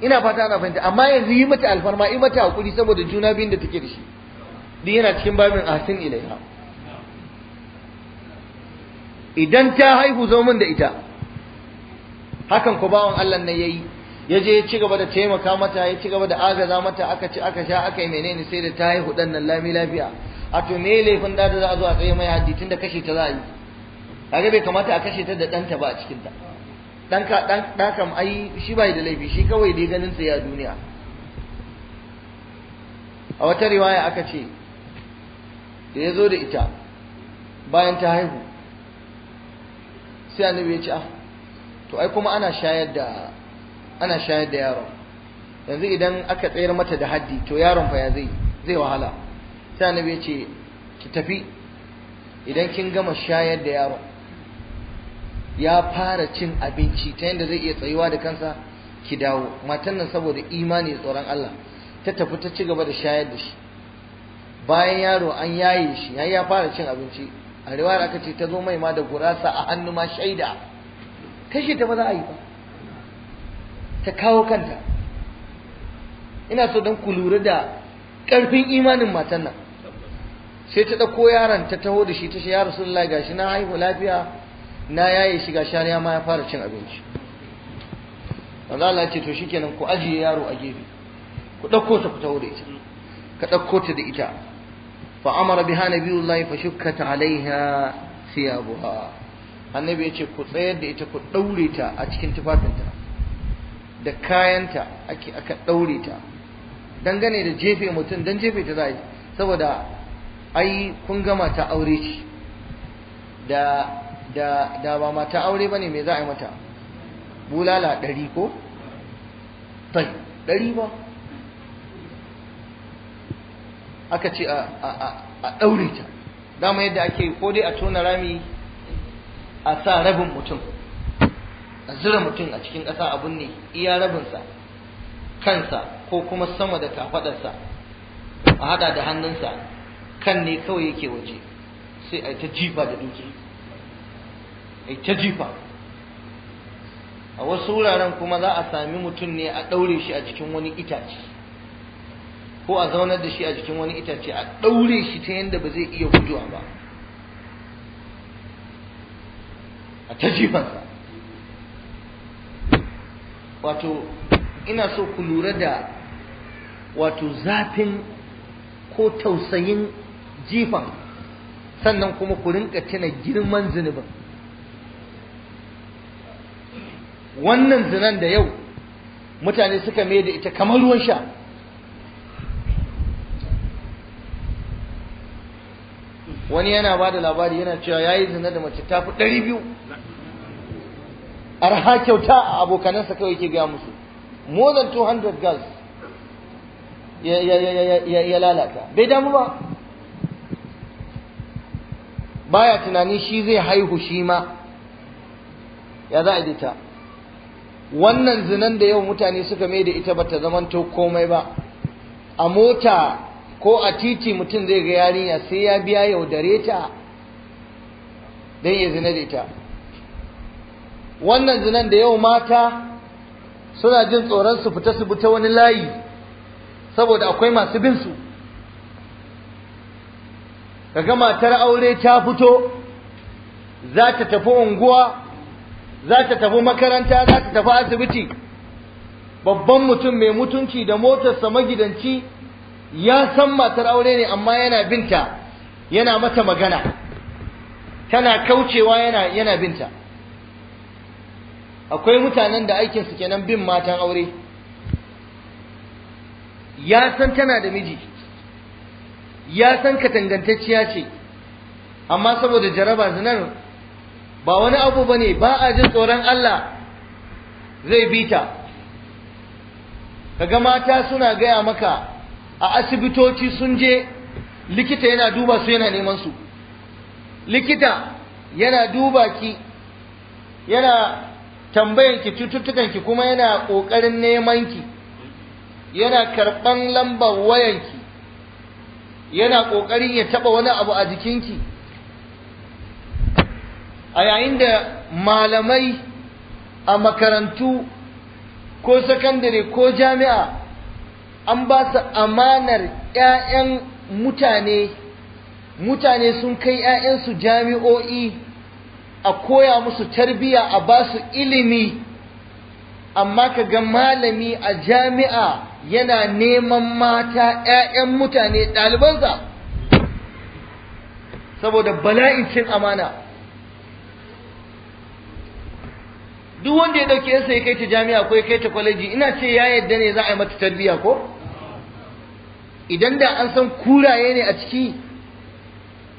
ina fata ana fahimta amma yanzu yi mata alfarma yi mata hakuri saboda juna biyun da take da shi duk yana cikin babin ahsin ilaiha idan ta haihu zo min da ita hakan ku bawan Allah ne yayi ya je ya ci gaba da taimaka mata ya ci gaba da agaza mata aka ci aka sha aka yi menene sai da ta haihu dan nan lami lafiya a to me laifin da za a zo a tsaye mai haddi tun da kashe ta za a yi kaga bai kamata a kashe ta da danta ba a cikin ta dan da kam ai shi bai da laifi shi kawai dai ganin sa ya duniya a wata riwaya aka ce da ya zo da ita bayan ta haihu sai annabi ya ce ah to ai kuma ana shayar da ana shayar da yaron yanzu idan aka tsayar mata da haddi to yaron fa ya zai zai wahala sai annabi ya ce ki tafi idan kin gama shayar da yaron ya fara cin abinci ta yadda zai iya tsayuwa da kansa ki dawo matan nan saboda imani tsoron Allah ta tafi ta ci gaba da shayar da shi bayan yaro an yaye shi ya fara cin abinci a riwayar aka ce ta zo mai ma da gurasa a hannu ma shaida kashe ta ba za a yi ba ta kawo kanta ina so don ku lura da ƙarfin imanin matan nan sai ta ɗauko yaron ta taho da shi ta shi ya rasulullahi shi na haihu lafiya na yaye shi gashi ya ma ya fara cin abinci manzo Allah ce to shikenan ku ajiye yaro a gefe ku ɗauko ta ku taho da ita ka ɗauko ta da ita فأمر بها نبي الله فشكت عليها ثيابها annabi ya ce ku tsayar da ita ku ɗaure ta a cikin tufafinta da kayanta ake aka ɗaure ta dangane da jefe mutum don jefe ta za a yi ai kun gama ta aure ce da ba mata aure bane me za a yi mata bulala ɗari ko tai ɗari ba aka ce a ɗaure ta dama yadda ake ko dai a tona rami a sa rabin mutum a zira mutum a cikin ƙasa abun ne iya rabinsa kansa ko kuma sama da kafaɗarsa a haɗa da hannunsa kan ne kawai yake waje sai a yi ta jifa da duki a yi ta jifa a wasu wuraren kuma za a sami mutum ne a ɗaure shi a cikin wani itace ko a zaunar da shi a jikin wani itace a ɗaure shi ta yadda ba zai iya gujewa ba a ta jifansa wato ina so ku lura da wato zafin ko tausayin jifan sannan kuma ku rinka tuna girman zunubin wannan zinan da yau mutane suka mai da ita kamar ruwan sha wani yana ba da labari yana cewa ya yi zina da mace ta fi ɗari biyu arha kyauta a abokanansa kawai ke gaya musu more than 200 girls ya lalata bai damu ba baya tunanin shi zai haihu shi ma ya za a ta wannan zinan da yau mutane suka mai da ita bata zamanto komai ba a mota ko a titi mutum zai ga yarinya sai ya biya yaudare ta don ya zina da ita wannan zinan da yau mata suna jin tsoron su fita su fita wani layi saboda akwai masu bin su kaga matar aure ta fito za ta tafi unguwa za ta tafi makaranta za ta tafi asibiti babban mutum mai mutunci da motarsa magidanci ya san matar aure ne amma yana binta yana mata magana tana kaucewa yana yana binta akwai mutanen da aikinsu kenan bin matan aure ya san tana da miji ya san katangantacciya ce amma saboda jaraba zinar ba wani abu ba ne ba a jin tsoron Allah zai bita kaga mata suna gaya maka a asibitoci sun je likita yana duba su yana neman su likita yana duba ki yana tambayan ki cututtukan ki kuma yana kokarin neman ki yana karban lambar wayan ki yana kokarin ya taba wani abu a jikin ki a yayin da malamai a makarantu ko sakandare ko jami'a an ba su amanar ‘ya'yan mutane mutane sun kai ‘ya'yansu jami'o'i a koya musu tarbiya a ba su ilimi amma ka ga malami a jami'a yana neman mata ‘ya'yan mutane ɗalibansa saboda bala'in cin amana duk wanda ya dauke yansa ya kai ta jami'a ko ya kai ta kwaleji ina ce ya yadda ne za a yi mata tarbiyya ko idan da an san kuraye ne a ciki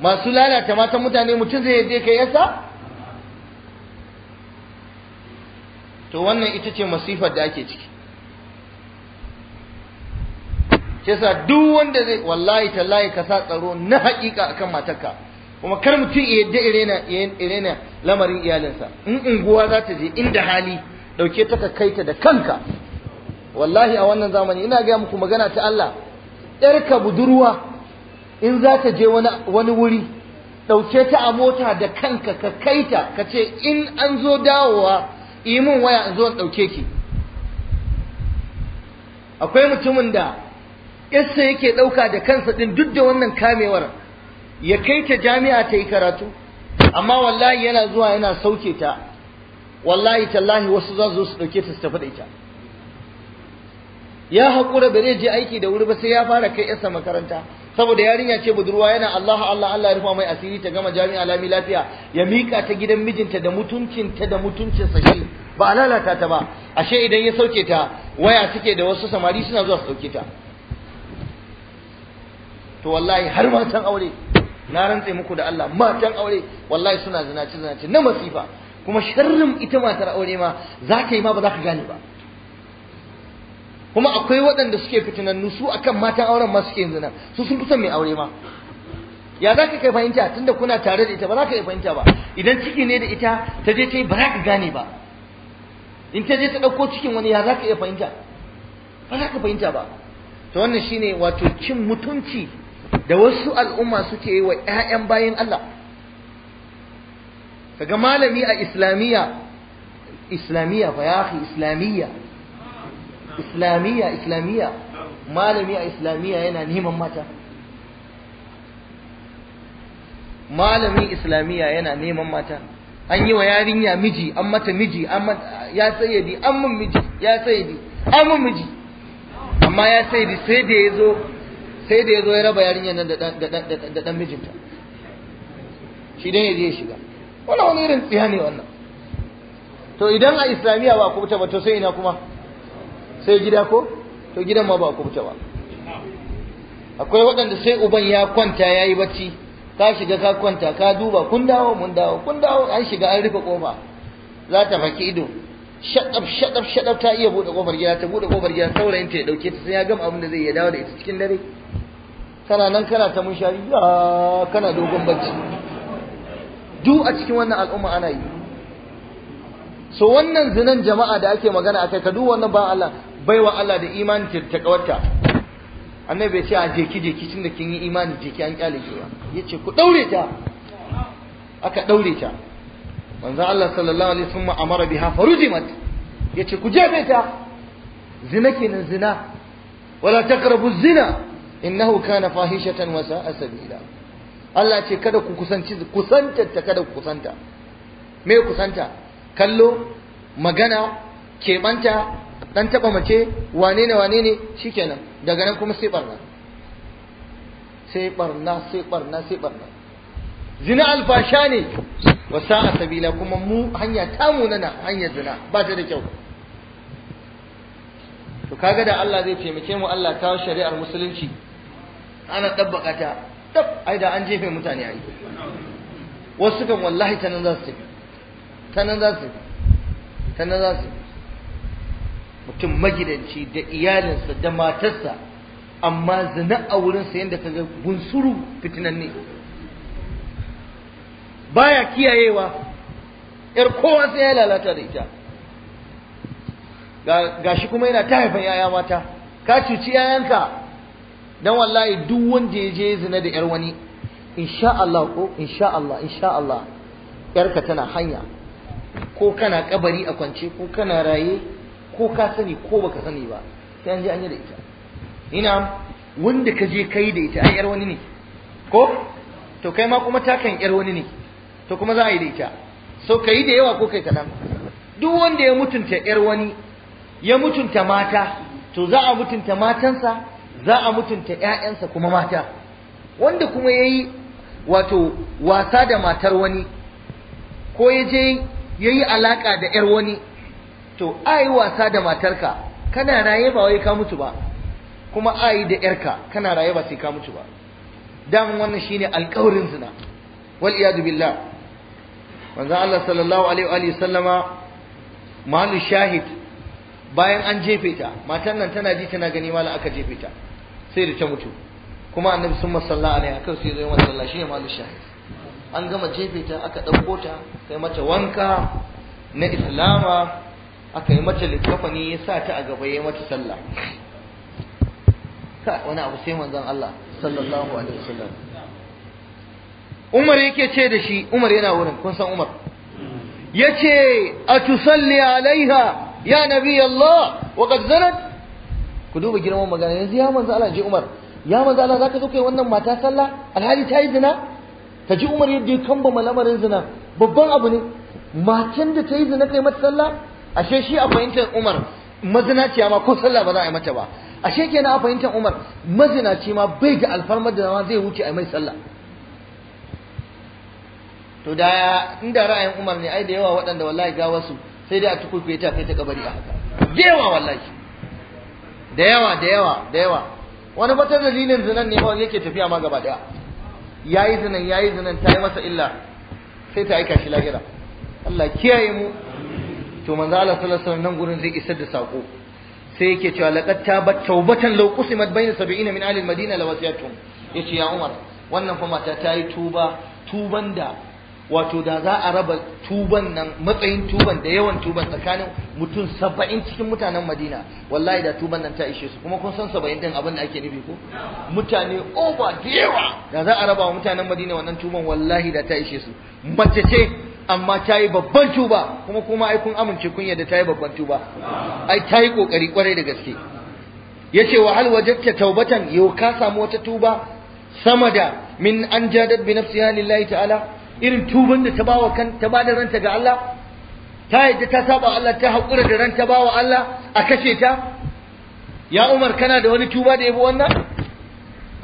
masu lalata matan mutane mutum zai yadda kai yasa to wannan ita ce masifar da ake ciki sa duk wanda zai wallahi tallahi ka sa tsaro na haƙiƙa akan matarka kuma kar mutum ya yadda irena lamarin iyalinsa in unguwa za ta je inda hali dauke ta ka kaita da kanka wallahi a wannan zamani ina gaya muku magana ta Allah yarka budurwa in za ta je wani wuri dauke ta a mota da kanka ka kaita ka ce in an zo dawowa yi min waya in zo in dauke ki akwai mutumin da yasa yake dauka da kansa din duk da wannan kamewar ya kai ta jami'a ta yi karatu amma wallahi yana zuwa yana sauke ta wallahi tallahi wasu za su su dauke ta su tafi da ita ya haƙura ba zai je aiki da wuri ba sai ya fara kai yarsa makaranta saboda yarinya ce budurwa yana Allah Allah Allah ya rufa mai asiri ta gama jami'a lami lafiya ya mika ta gidan mijinta da mutuncinta da mutuncin sa shi ba a lalata ta ba ashe idan ya sauke ta waya suke da wasu samari suna zuwa su sauke ta to wallahi har matan aure na rantse muku da Allah matan aure wallahi suna zinace zinace na masifa kuma sharrin ita matar aure ma za ka yi ma ba za ka gane ba kuma akwai waɗanda suke fitinannu akan matan auren ma suke zina su sun fi son mai aure ma ya za ka kai fahimta tunda kuna tare da ita ba za ka yi fahimta ba idan ciki ne da ita ta je ta yi ba za ka gane ba in ta je ta ɗauko cikin wani ya za ka iya fahimta ba za ka fahimta ba to wannan shine wato cin mutunci da wasu al'umma suke yi wa 'ya'yan bayan Allah kaga malami a islamiyya islamiyya fa ya akhi islamiyya islamiyya islamiyya malami a islamiyya yana neman mata Malami islamiyya yana neman mata an yi wa yarinya miji an mata miji an ya sayyadi an mun miji ya sayyadi an mun miji amma ya sayyadi sai da ya zo sai da ya zo ya raba yarinyar nan da dan mijinta shi dai ya je shiga wannan wani irin tsiya ne wannan to idan a islamiyya ba kubuta ba to sai ina kuma sai gida ko to gidan ma ba kubuta ba akwai waɗanda sai uban ya kwanta ya yi bacci ka shiga ka kwanta ka duba kun dawo mun dawo kun dawo an shiga an rufe kofa za ta faki ido shaɗaf shaɗaf shaɗaf ta iya buɗe ƙofar gida ta buɗe ƙofar gida saurayin ta ya ɗauke ta sai ya gama abin da zai iya dawo da ita cikin dare kana nan kana ta munshari kana dogon bacci duk a cikin wannan al'umma ana yi so wannan zinan jama'a da ake magana a kai ka duk wannan ba Allah wa Allah da imani ta takawarta annabi ya ce a jeki jeki tunda kin yi imani jeki an kyale ki ba yace ku daure ta aka daure ta manzo Allah sallallahu alaihi wasallam amara biha farujimat yace ku jefe ta zina kenan zina wala taqrabu zina innahu kana fahishatan wa sa'a sabila Allah ce kada ku kusanci kusanta ta kada ku kusanta me kusanta kallo magana keɓanta dan taba mace wane ne wane ne shikenan daga nan kuma sai barna sai barna sai barna sai barna zina alfasha ne wasa a sabila kuma mu hanya ta na hanyar zina ba ta da kyau to kaga da Allah zai taimake mu Allah ta shari'ar musulunci ana dabbaka ta tab ai da an jefe mutane ai wasu kan wallahi ta za su tanan za su tanan za su mutum magidanci da iyalinsa da matarsa amma zina a wurinsa yadda ka ga bunsuru fitinan ne baya kiyayewa ‘yar kowa sai ya lalata da ita ga shi kuma yana ta haifan ‘ya'ya mata ka cuci ‘ya'yanka don wallahi duk wanda ya je zina da ‘yar wani insha Allah ko oh, insha Allah insha Allah ‘yarka tana hanya ko kana kabari a kwance ko kana raye ko ka sani ko baka sani ba sai an je an yi da ita ina wanda ka je kai da ita ai ‘yar wani ne ko to kai ma kuma takan ‘yar wani ne to kuma za a yi da ita so ka yi da yawa ko kai kaɗan duk wanda ya mutunta ‘yar wani ya mutunta mata to za a mutunta matansa za a mutunta ‘ya'yansa kuma mata wanda kuma ya yi wato wasa da matar wani ko ya je ya yi alaƙa da ƴar wani to a yi wasa da matarka kana raye ba wai ka mutu ba kuma a yi da ‘yarka kana raye ba sai ka mutu ba daman wannan shine alƙawarin zina wal iyadu billah manzon Allah sallallahu alaihi wa sallama malu shahid bayan an jefe ta matan nan tana ji tana gani mala aka jefe ta sai da ta mutu kuma annabi sun masalla alaiha kai sai zai masalla ne malu shahid an gama jefe ta aka dauko ta kai mata wanka na islama aka yi mata littafani, ya sa ta a gaba ya mata sallah ka wani abu sai manzon Allah sallallahu alaihi wasallam Umar yake ce da shi Umar yana wurin kun san Umar yace atusalli alaiha ya nabi Allah wa qad zanat ku duba girman magana yanzu ya manzo Allah je Umar ya manzo Allah zaka zo kai wannan mata sallah alhali ta yi zina ka ji Umar yadda ya kamba lamarin zina babban abu ne matan da ta yi zina kai mata sallah ashe shi a fahimtar Umar mazinaciya ma ko sallah ba za a yi mata ba ashe kenan a fahimtar Umar mazinaci ma bai ga alfarmar da zai wuce a mai sallah to da inda ra'ayin Umar ne ai da yawa waɗanda wallahi ga wasu sai dai a tukurkuye ta kai ta kabari a haka da yawa wallahi da yawa da yawa da yawa wani fata dalilin zinan ne wani yake tafiya ma gaba daya yayi zinan yayi zinan ta yi masa illa sai ta aika shi lahira Allah kiyaye mu to manzo Allah sallallahu alaihi wasallam nan gurin zai isar da sako sai yake cewa laqad tabat tawbatan law qusimat bayna 70 min ahli al-madina lawasiyatuhum yace ya Umar wannan fa mata ta yi tuba tuban da wato da za a raba tuban nan matsayin tuban da yawan tuban tsakanin mutum saba'in cikin mutanen madina wallahi da tuban nan ta ishe su kuma kun san saba'in din abin da ake nufi ko mutane over da yawa da za a raba wa mutanen madina wannan tuban wallahi da ta ishe su mace ce amma ta yi babban tuba kuma kuma ai kun amince kun yadda ta yi babban tuba ai ta yi kokari kwarai da gaske yace wa hal wajadta taubatan yau ka samu wata tuba sama da min an jadad bi nafsiha lillahi ta'ala irin tuban da ta bawa kan ta bada ranta ga Allah ta yadda ta saba Allah ta haƙura da ranta bawa Allah a kashe ta ya Umar kana da wani tuba da yabo wannan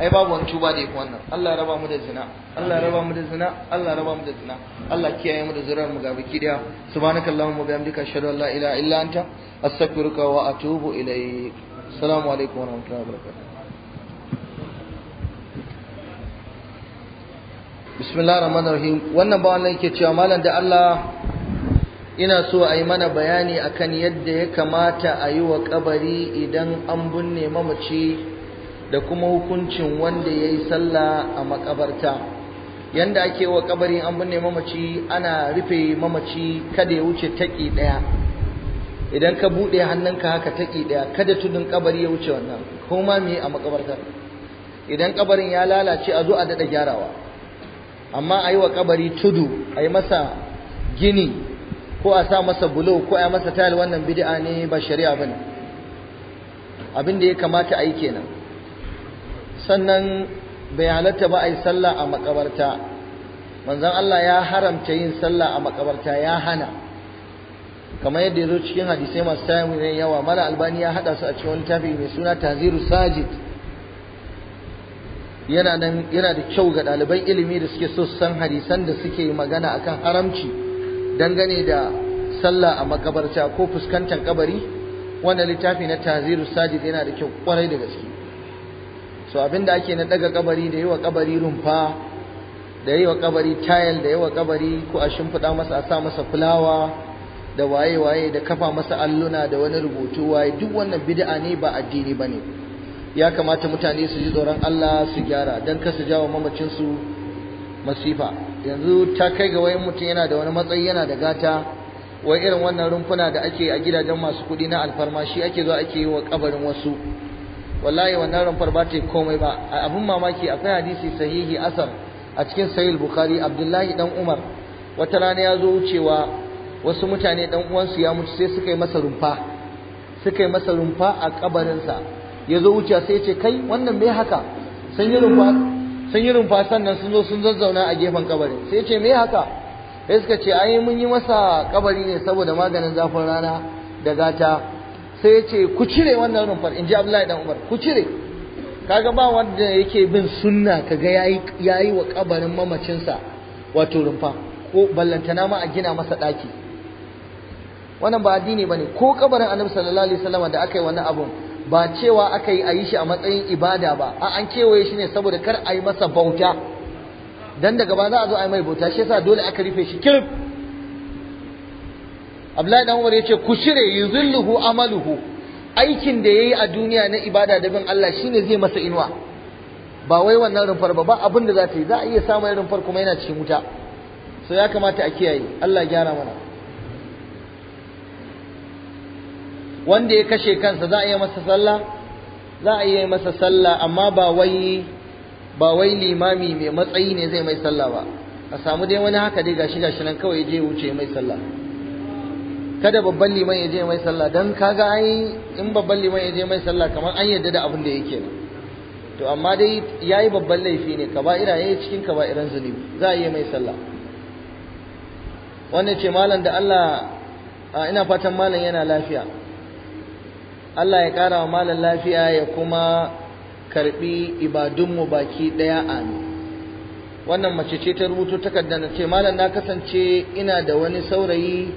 ai babu wani tuba da yabo wannan Allah raba mu da zina Allah raba mu da zina Allah raba mu da zina Allah kiyaye mu da zurar mu ga baki da subhanakallahumma bihamdika ashhadu an la ilaha illa anta astaghfiruka wa atubu ilaik assalamu alaikum wa rahmatullahi wa barakatuh bismillah rahman rahim wannan bawan nan ke cewa malam da Allah ina so a yi mana bayani akan yadda ya kamata a yi wa kabari idan an binne mamaci da kuma hukuncin wanda ya yi sallah a makabarta Yadda ake wa kabari an binne mamaci ana rufe mamaci kada ya wuce taki daya idan ka buɗe hannunka haka taki daya kada tudun kabari ya wuce wannan ko ma me a makabarta idan kabarin ya lalace a zo a daɗa gyarawa amma a yi wa kabari tudu a yi masa gini ko a sa masa bulo ko a yi masa tayar wannan bid'a ne ba shari'a bane abin da ya kamata a yi kenan sannan bai halatta ba a yi sallah a makabarta manzon Allah ya haramta yin sallah a makabarta ya hana kamar yadda ya zo cikin hadisai masu tayin yawa mara albani ya haɗa su a cikin wani tafi mai suna taziru sajid yana nan yana da kyau ga ɗaliban ilimi da suke so su san hadisan da suke magana akan haramci dangane da sallah a makabarta ko fuskantar kabari wannan littafi na taziru sajid yana da kyau kwarai da gaske so abinda ake na daga kabari da yawa kabari rumfa da yawa kabari tayal da yawa kabari ko a shimfiɗa masa a sa masa fulawa da waye waye da kafa masa alluna da wani rubutu waye duk wannan bid'a ne ba addini bane ne ya kamata mutane su ji tsoron Allah su gyara don ka su jawo mamacinsu masifa yanzu ta kai ga wayan mutum yana da wani matsayi yana da gata wai irin wannan rumfuna da ake a gidajen masu kuɗi na alfarma shi ake zo ake yi wa kabarin wasu wallahi wannan rumfar ba ta yi komai ba abin mamaki akwai hadisi sahihi asar a cikin sahih bukhari abdullahi dan umar wata rana ya zo wucewa wasu mutane dan uwansu ya mutu sai suka yi masa rumfa suka yi masa rumfa a kabarinsa ya zo wuce sai ya ce kai wannan me haka sun yi rumfa sannan sun zo sun zazzauna a gefen kabari sai ya ce me haka ya suka ce ai mun yi masa kabari ne saboda maganin zafin rana da gata sai ya ce ku cire wannan rumfar in ji Abdullahi dan Umar ku cire kaga ba wanda yake bin sunna kaga yayi yayi wa kabarin mamacinsa wato rumfa ko ballantana ma a gina masa daki wannan ba addini bane ko kabarin Annabi sallallahu alaihi wasallam da aka yi wannan abun ba cewa aka yi a yi shi a matsayin ibada ba a an kewaye shi ne saboda kar a yi masa bauta Don daga ba za a zo a yi mai bauta shi yasa dole aka rufe shi kirif Abdullahi dan Umar yace ku shire yuzilluhu amaluhu aikin da yayi a duniya na ibada da bin Allah shi ne zai masa inuwa ba wai wannan rumfar ba ba abin da za ta yi za a iya samun rumfar kuma yana cikin wuta so ya kamata a kiyaye Allah gyara mana wanda ya kashe kansa za a yi masa sallah za a yi masa sallah amma ba wai ba wai limami mai matsayi ne zai mai sallah ba a samu dai wani haka dai gashi gashi nan kawai je wuce mai sallah kada babban liman ya je mai sallah dan kaga ai in babban liman ya je mai sallah kamar an yarda da abin da yake to amma dai yayi babban laifi ne kaba'ira yayi cikin kaba'iran zunubi za a yi mai sallah wannan ce malam da Allah ina fatan malam yana lafiya Allah ya ƙara wa malam lafiya ya kuma karɓi ibadunmu baki ɗaya amin wannan mace ce ta rubuto takarda na ce malam na kasance ina da wani saurayi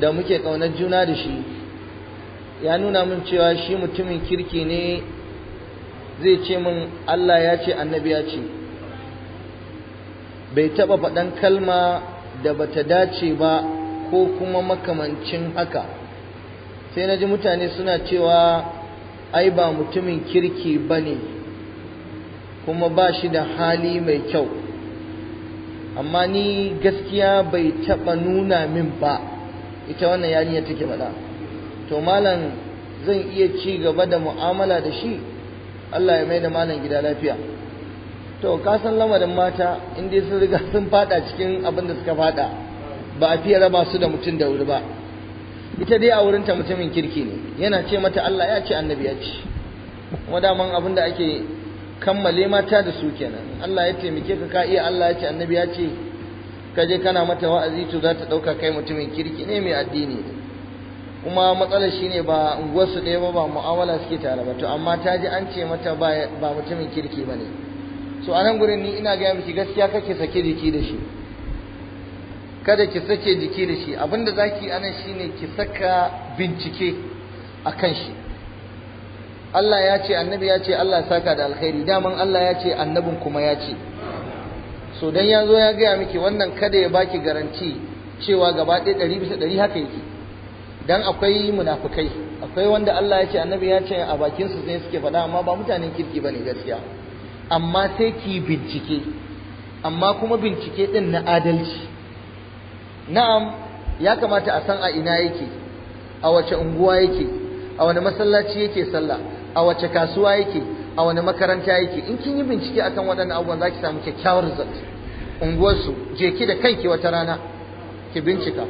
da muke ƙaunar juna da shi ya nuna min cewa shi mutumin kirki ne zai ce min Allah ya ce annabi ya ce bai taɓa faɗan kalma da bata dace ba ko kuma makamancin haka sai na ji mutane suna cewa ai ba mutumin kirki ba ne kuma ba shi da hali mai kyau amma ni gaskiya bai taɓa nuna min ba ita wannan yarinya take faɗa to malam zan iya ci gaba da mu'amala da shi Allah ya mai da malam gida lafiya to ka lamarin mata in dai sun riga sun fada cikin abin da suka fada ba a fiye raba su da mutum da wuri ba ita dai a wurinta mutumin kirki ne yana ce mata Allah ya ce annabi ya ce kuma daman abin da ake kammale mata da su kenan Allah ya taimake ka ka iya Allah ya ce annabi ya ce ka je kana mata wa'azi to za ta ɗauka kai mutumin kirki ne mai addini kuma matsalar shi ne ba unguwarsu ɗaya ba ba mu'amala suke tare ba to amma ta ji an ce mata ba mutumin kirki ba ne so a nan gurin ni ina gaya miki gaskiya kake sake jiki da shi kada ki sake jiki da shi abinda zaki anan ne ki saka bincike a kan shi Allah ya ce annabi ya ce Allah ya saka da alkhairi daman Allah ya ce annabin kuma ya ce so dan ya zo ya gaya miki wannan kada ya baki garanti cewa gaba ɗaya ɗari bisa ɗari haka yake dan akwai munafukai akwai wanda Allah ya ce annabi ya ce a bakin su sai suke faɗa amma ba mutanen kirki ba ne gaskiya amma sai ki bincike amma kuma bincike ɗin na adalci na'am ya kamata a san a ina yake a wace unguwa yake a wani masallaci yake sallah a wace kasuwa yake a wani makaranta yake in kin yi bincike akan waɗannan abubuwan za ki samu kyakkyawar result unguwarsu je ki da kanki wata rana ki bincika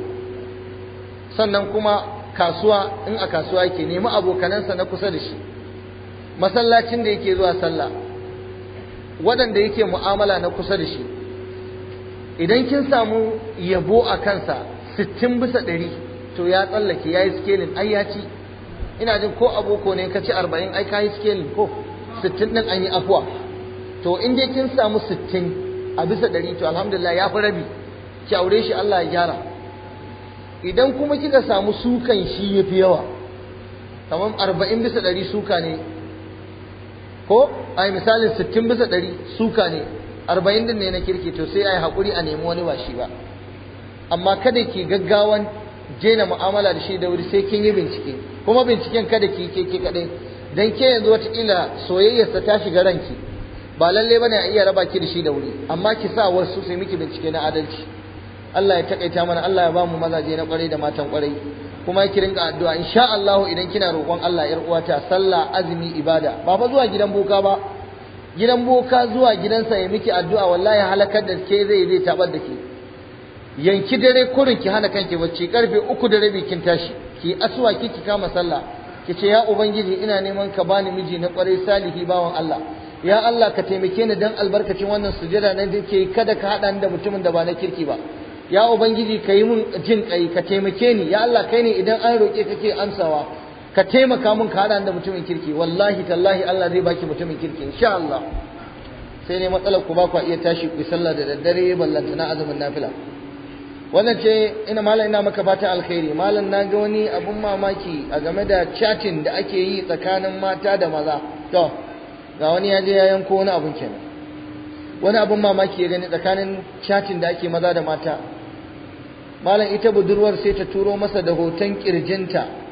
sannan kuma kasuwa in a kasuwa yake nemi abokanansa na kusa da shi masallacin da yake zuwa sallah waɗanda yake mu'amala na kusa da shi idan kin samu yabo a kansa 60 bisa 100 to ya tsallake ya yi scaling ai ya ci ina jin ko aboko ne ka ci 40 ai ka yi scaling ko 60 din an yi afuwa to in dai kin samu 60 a bisa 100 to alhamdulillah ya fi rabi ki aure shi Allah ya gyara idan kuma kika samu sukan shi yafi yawa tamam 40 bisa 100 suka ne ko ai misalin 60 bisa 100 suka ne arba'in din ne na kirki to sai a yi haƙuri a nemi wani ba ba amma kada ki gaggawan jena mu'amala da shi da wuri sai kin yi bincike kuma binciken kada ki ke ke kaɗai dan ke yanzu wata wataƙila soyayyarsa ta shiga ranki ba lalle bane a iya raba ki da shi da wuri amma ki sa wasu su miki bincike na adalci Allah ya takaita mana Allah ya ba mu mazaje na kwarai da matan kwarai kuma ki rinka addu'a insha Allah idan kina roƙon Allah yar uwata sallah azumi ibada ba fa zuwa gidan boka ba gidan boka zuwa gidansa ya miki addu'a wallahi halakar da ke zai zai tabar da ke yanki dare kurin ki hana kanki bacci karfe uku da rabi kin tashi ki asuwa kiki kama sallah ki ce ya ubangiji ina neman ka bani miji na kwarai salihi bawan Allah ya Allah ka taimake ni dan albarkacin wannan sujada na da ke kada ka hada ni da mutumin da ba na kirki ba ya ubangiji ka yi mun jin kai ka taimake ni ya Allah kai ne idan an roke kake amsawa ka taimaka mun ka hada da mutumin kirki wallahi tallahi Allah zai baki mutumin kirki insha Allah sai ne matsalar ku ba ku iya tashi ku sallah da daddare ballanta na azumin nafila wannan ce ina malam ina maka fata alkhairi malam na ga wani abun mamaki a game da chatting da ake yi tsakanin mata da maza to ga wani ya je ya yanko wani abun kenan wani abun mamaki ya gani tsakanin chatting da ake maza da mata malam ita budurwar sai ta turo masa da hoton kirjinta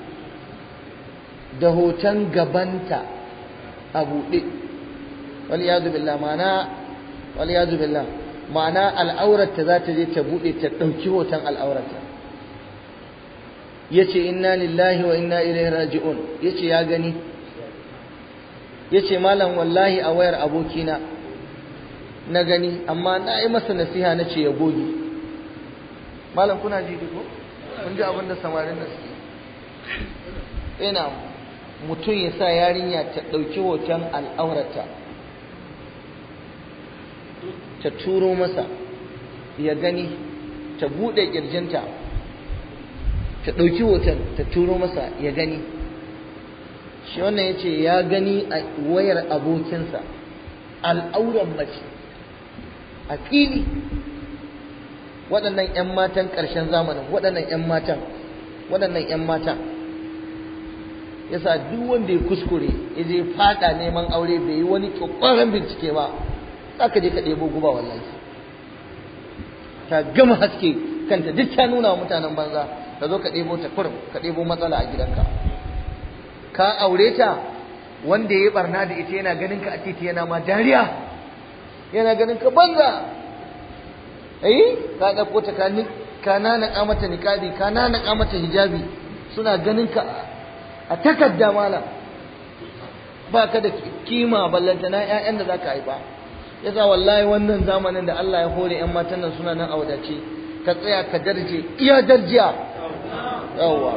da hoton gabanta a buɗe Wani ya zubin waliyadu ma'ana al'aurata za ta je ta buɗe ta ɗauki hoton ya ce inna lillahi wa inna ilaihi raji'un ce ya gani Ya ce malam wallahi a wayar abokina na gani amma na yi masa nasiha na ce ya goge malam kuna ji ko kun ji abin da samarin nasi ina eh, mutum ya sa yarinya ta ɗauki hoton al'aurata ta turo masa ya gani ta buɗe ƙirjinta ta ɗauki hoton ta turo masa ya gani shi wannan ya ce ya gani a wayar abokinsa al'auran mace a fili waɗannan 'yan matan ƙarshen zamanin waɗannan 'yan matan waɗannan 'yan matan yasa duk wanda ya kuskure ya je fada neman aure bai yi wani kwakwaran bincike ba za ka je ka ɗebo guba wallahi ta gama haske kanta duk ta nuna wa mutanen banza ka zo ka ɗebo ta kurum ka ɗebo matsala a gidanka ka aure ta wanda ya yi barna da ita yana ganin ka a titi yana ma dariya yana ganin ka banza ai ka ɗauko ta ka nana mata niƙabi ka nana mata hijabi suna ganin ka a takarda malam ba ka da kima ballantana ƴaƴan da za ka haifa yasa wallahi wannan zamanin da Allah ya hore 'yan matan nan suna nan a wadace ka tsaya ka darje iya darjiya yawwa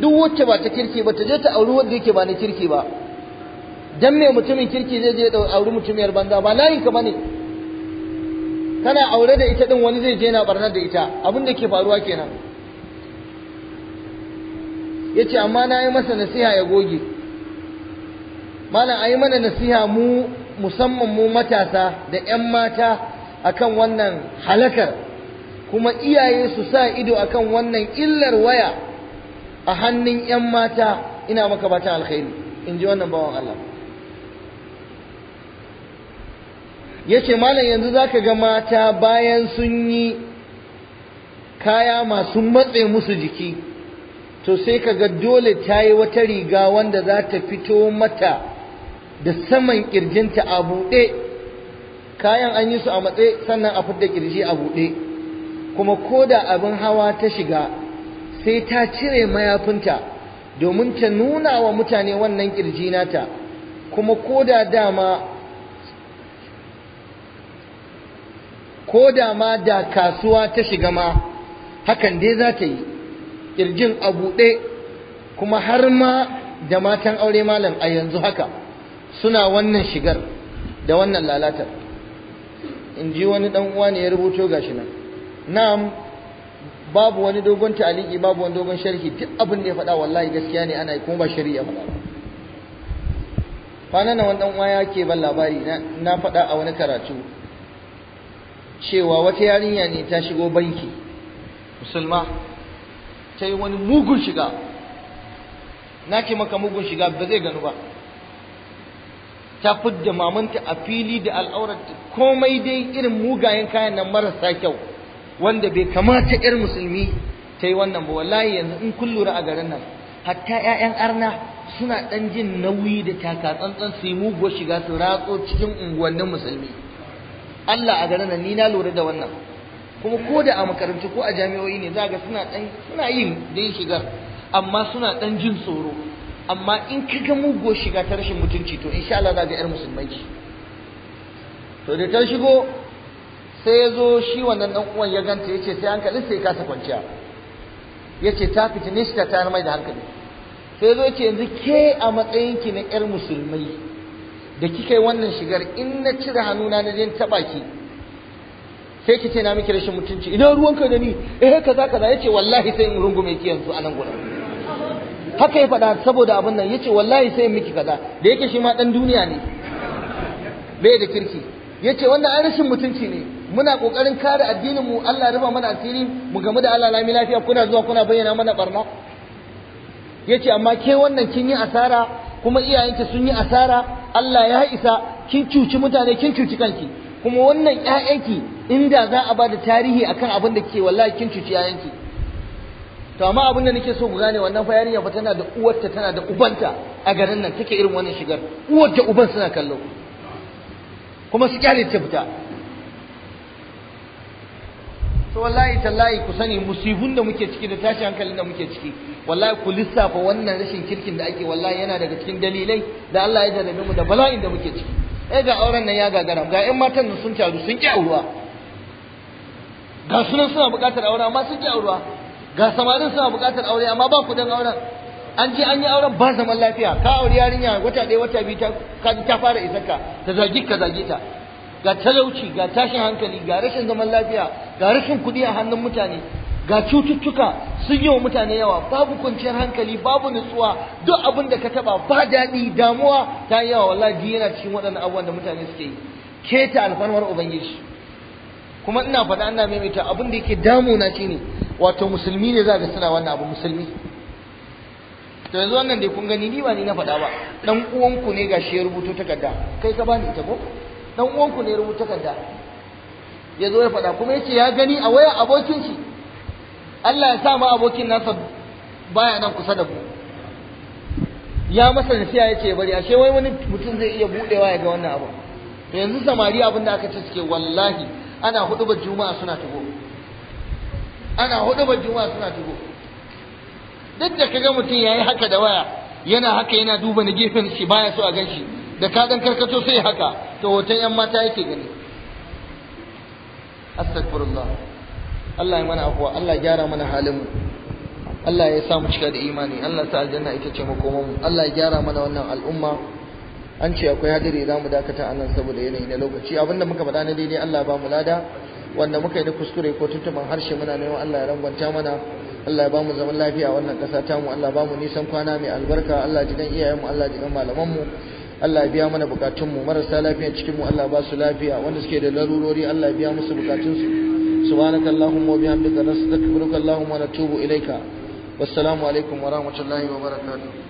duk wacce ba ta kirki ba ta je ta auri wanda yake ba na kirki ba dan me mutumin kirki zai je da auri mutumiyar banza ba layin ka bane kana aure da ita din wani zai je na barnar da ita abin da ke faruwa kenan ya ce amma na yi masa nasiha ya goge malam a yi mana nasiha mu musamman mu matasa da 'yan mata akan wannan halakar kuma iyaye su sa ido akan wannan illar waya a hannun 'yan mata ina maka bata alkhairi in ji wannan bawan Allah ya ce malam yanzu za ka ga mata bayan sun yi kaya masu matse musu jiki to sai ka dole ta yi wata riga wanda za ta fito mata da saman kirjinta a buɗe kayan an yi su a matse sannan a fidda kirji a buɗe kuma ko da abin hawa ta shiga sai ta cire mayafinta domin ta nuna wa mutane wannan kirji nata kuma ko dama ko da ma da kasuwa ta shiga ma hakan dai za ta yi kirjin a buɗe kuma har ma da matan aure malam a yanzu haka suna wannan shigar da wannan lalatar in ji wani dan uwa ne ya rubuto gashi nan na'am babu wani dogon ta'aliki babu wani dogon sharhi duk abin da ya faɗa wallahi gaskiya ne ana yi kuma ba shari'a faɗa ba kwanan wani dan uwa ya ke ban labari na faɗa a wani karatu cewa wata yarinya ne ta shigo banki musulma ta yi wani mugun shiga na ce maka mugun shiga ba zai ganu ba ta fidda mamanta a fili da al'aurata, komai dai irin mugayen kayan nan marasa kyau wanda bai kamata 'yar musulmi ta yi wannan ba wallahi yanzu in kun lura a garin nan hatta 'ya'yan arna suna ɗan jin nauyi da taka tsantsan su yi mugun shiga su ratso cikin unguwannin musulmi Allah a garin nan ni na lura da wannan kuma ko da a makarantu ko a jami'o'i ne za ga suna dan suna yin din shigar amma suna dan jin tsoro amma in ka ga mugo shiga ta rashin mutunci to insha Allah za ga yar musulmai to da ta shigo sai ya zo shi wannan dan uwan ya ganta yace sai hankalin sai ka sa kwanciya yace ta ne shi ta tayar mai da hankali sai zo yace yanzu ke a matsayin ki na yar musulmai da kika yi wannan shigar in na cire hannuna na jin taba ki sai ki ce na miki rashin mutunci idan ruwanka da ni eh kaza kaza yace wallahi sai in rungume ki yanzu a nan gurin haka ya faɗa saboda abin nan yace wallahi sai in miki kaza da yake shi ma dan duniya ne bai da kirki yace wanda an rashin mutunci ne muna kokarin kare addinin mu Allah ruba mana asiri mu gamu da Allah lami lafiya kuna zuwa kuna bayyana mana barna yace amma ke wannan kin yi asara kuma iyayenki sun yi asara Allah ya isa kin cuci mutane kin cuci kanki kuma wannan ƴaƴanki inda za a bada tarihi akan abin da ke wallahi kin cuci yayanki to amma abin da nake so ku gane wannan fa yarinya fa tana da uwarta tana da ubanta a garin nan take irin wannan shigar uwar da uban suna kallo kuma su kyale ta fita to wallahi tallahi ku sani musibun da muke ciki da tashi hankalin da muke ciki wallahi ku lissafa wannan rashin kirkin da ake wallahi yana daga cikin dalilai da Allah ya jarrabe mu da bala'in da muke ciki eh ga auren nan ya gagara ga ƴan matan sun taru sun ƙi auruwa ga sunan suna bukatar aure amma sun ji aurewa ga samarin suna bukatar aure amma ba kuɗin auren an je an yi auren ba zaman lafiya ka aure yarinya wata ɗaya wata biyu ta ta fara ka, ta zagi ka zage ta ga talauci ga tashin hankali ga rashin zaman lafiya ga rashin kuɗi a hannun mutane ga cututtuka sun yi wa mutane yawa babu kwanciyar hankali babu nutsuwa duk abin da ka taba ba daɗi damuwa ta yi yawa wallahi yana cikin waɗannan abubuwan da mutane suke yi keta alfarmar ubangiji kuma ina faɗa ina maimaita abin da yake damuna shine wato musulmi ne za ga suna wannan abu musulmi to yanzu wannan dai kun gani ni ba ni na faɗa ba dan uwanku ne gashi ya rubuto takarda kai ka bani ita ko dan uwanku ne ya rubuto takarda ya zo ya faɗa kuma ce ya gani a waya abokin shi Allah ya sa ma abokin nasa baya nan kusa da ku ya masa nasiya yace bari ashe wai wani mutum zai iya budewa ya ga wannan abu yanzu samari abin da aka ce suke wallahi ana ba juma'a suna tugo ana ba juma'a suna tugo duk da kaga mutum yayi haka da waya yana haka yana duba na gefen shi baya so a ganshi da ka dan karkato sai haka to hoton yan mata yake gani astagfirullah Allah ya mana afuwa Allah ya gyara mana halin mu Allah ya sa mu cika da imani Allah ya sa aljanna ita ce makomanmu Allah ya gyara mana wannan al'umma an ce akwai hadari za mu dakata a nan saboda yanayi na lokaci abinda muka faɗa na daidai Allah ba mu lada wanda muka yi na kuskure ko tuntuman harshe muna neman Allah ya rangwanta mana Allah ya ba mu zaman lafiya a wannan ƙasa mu. Allah ba mu nisan kwana mai albarka Allah ji dan iyayenmu Allah ji dan malamanmu Allah ya biya mana bukatunmu marasa lafiya cikin mu Allah ba su lafiya wanda suke da larurori Allah ya biya musu bukatunsu subhanakallahumma wa bihamdika nastaghfiruka allahumma wa natubu ilaika wassalamu alaikum wa rahmatullahi wa barakatuh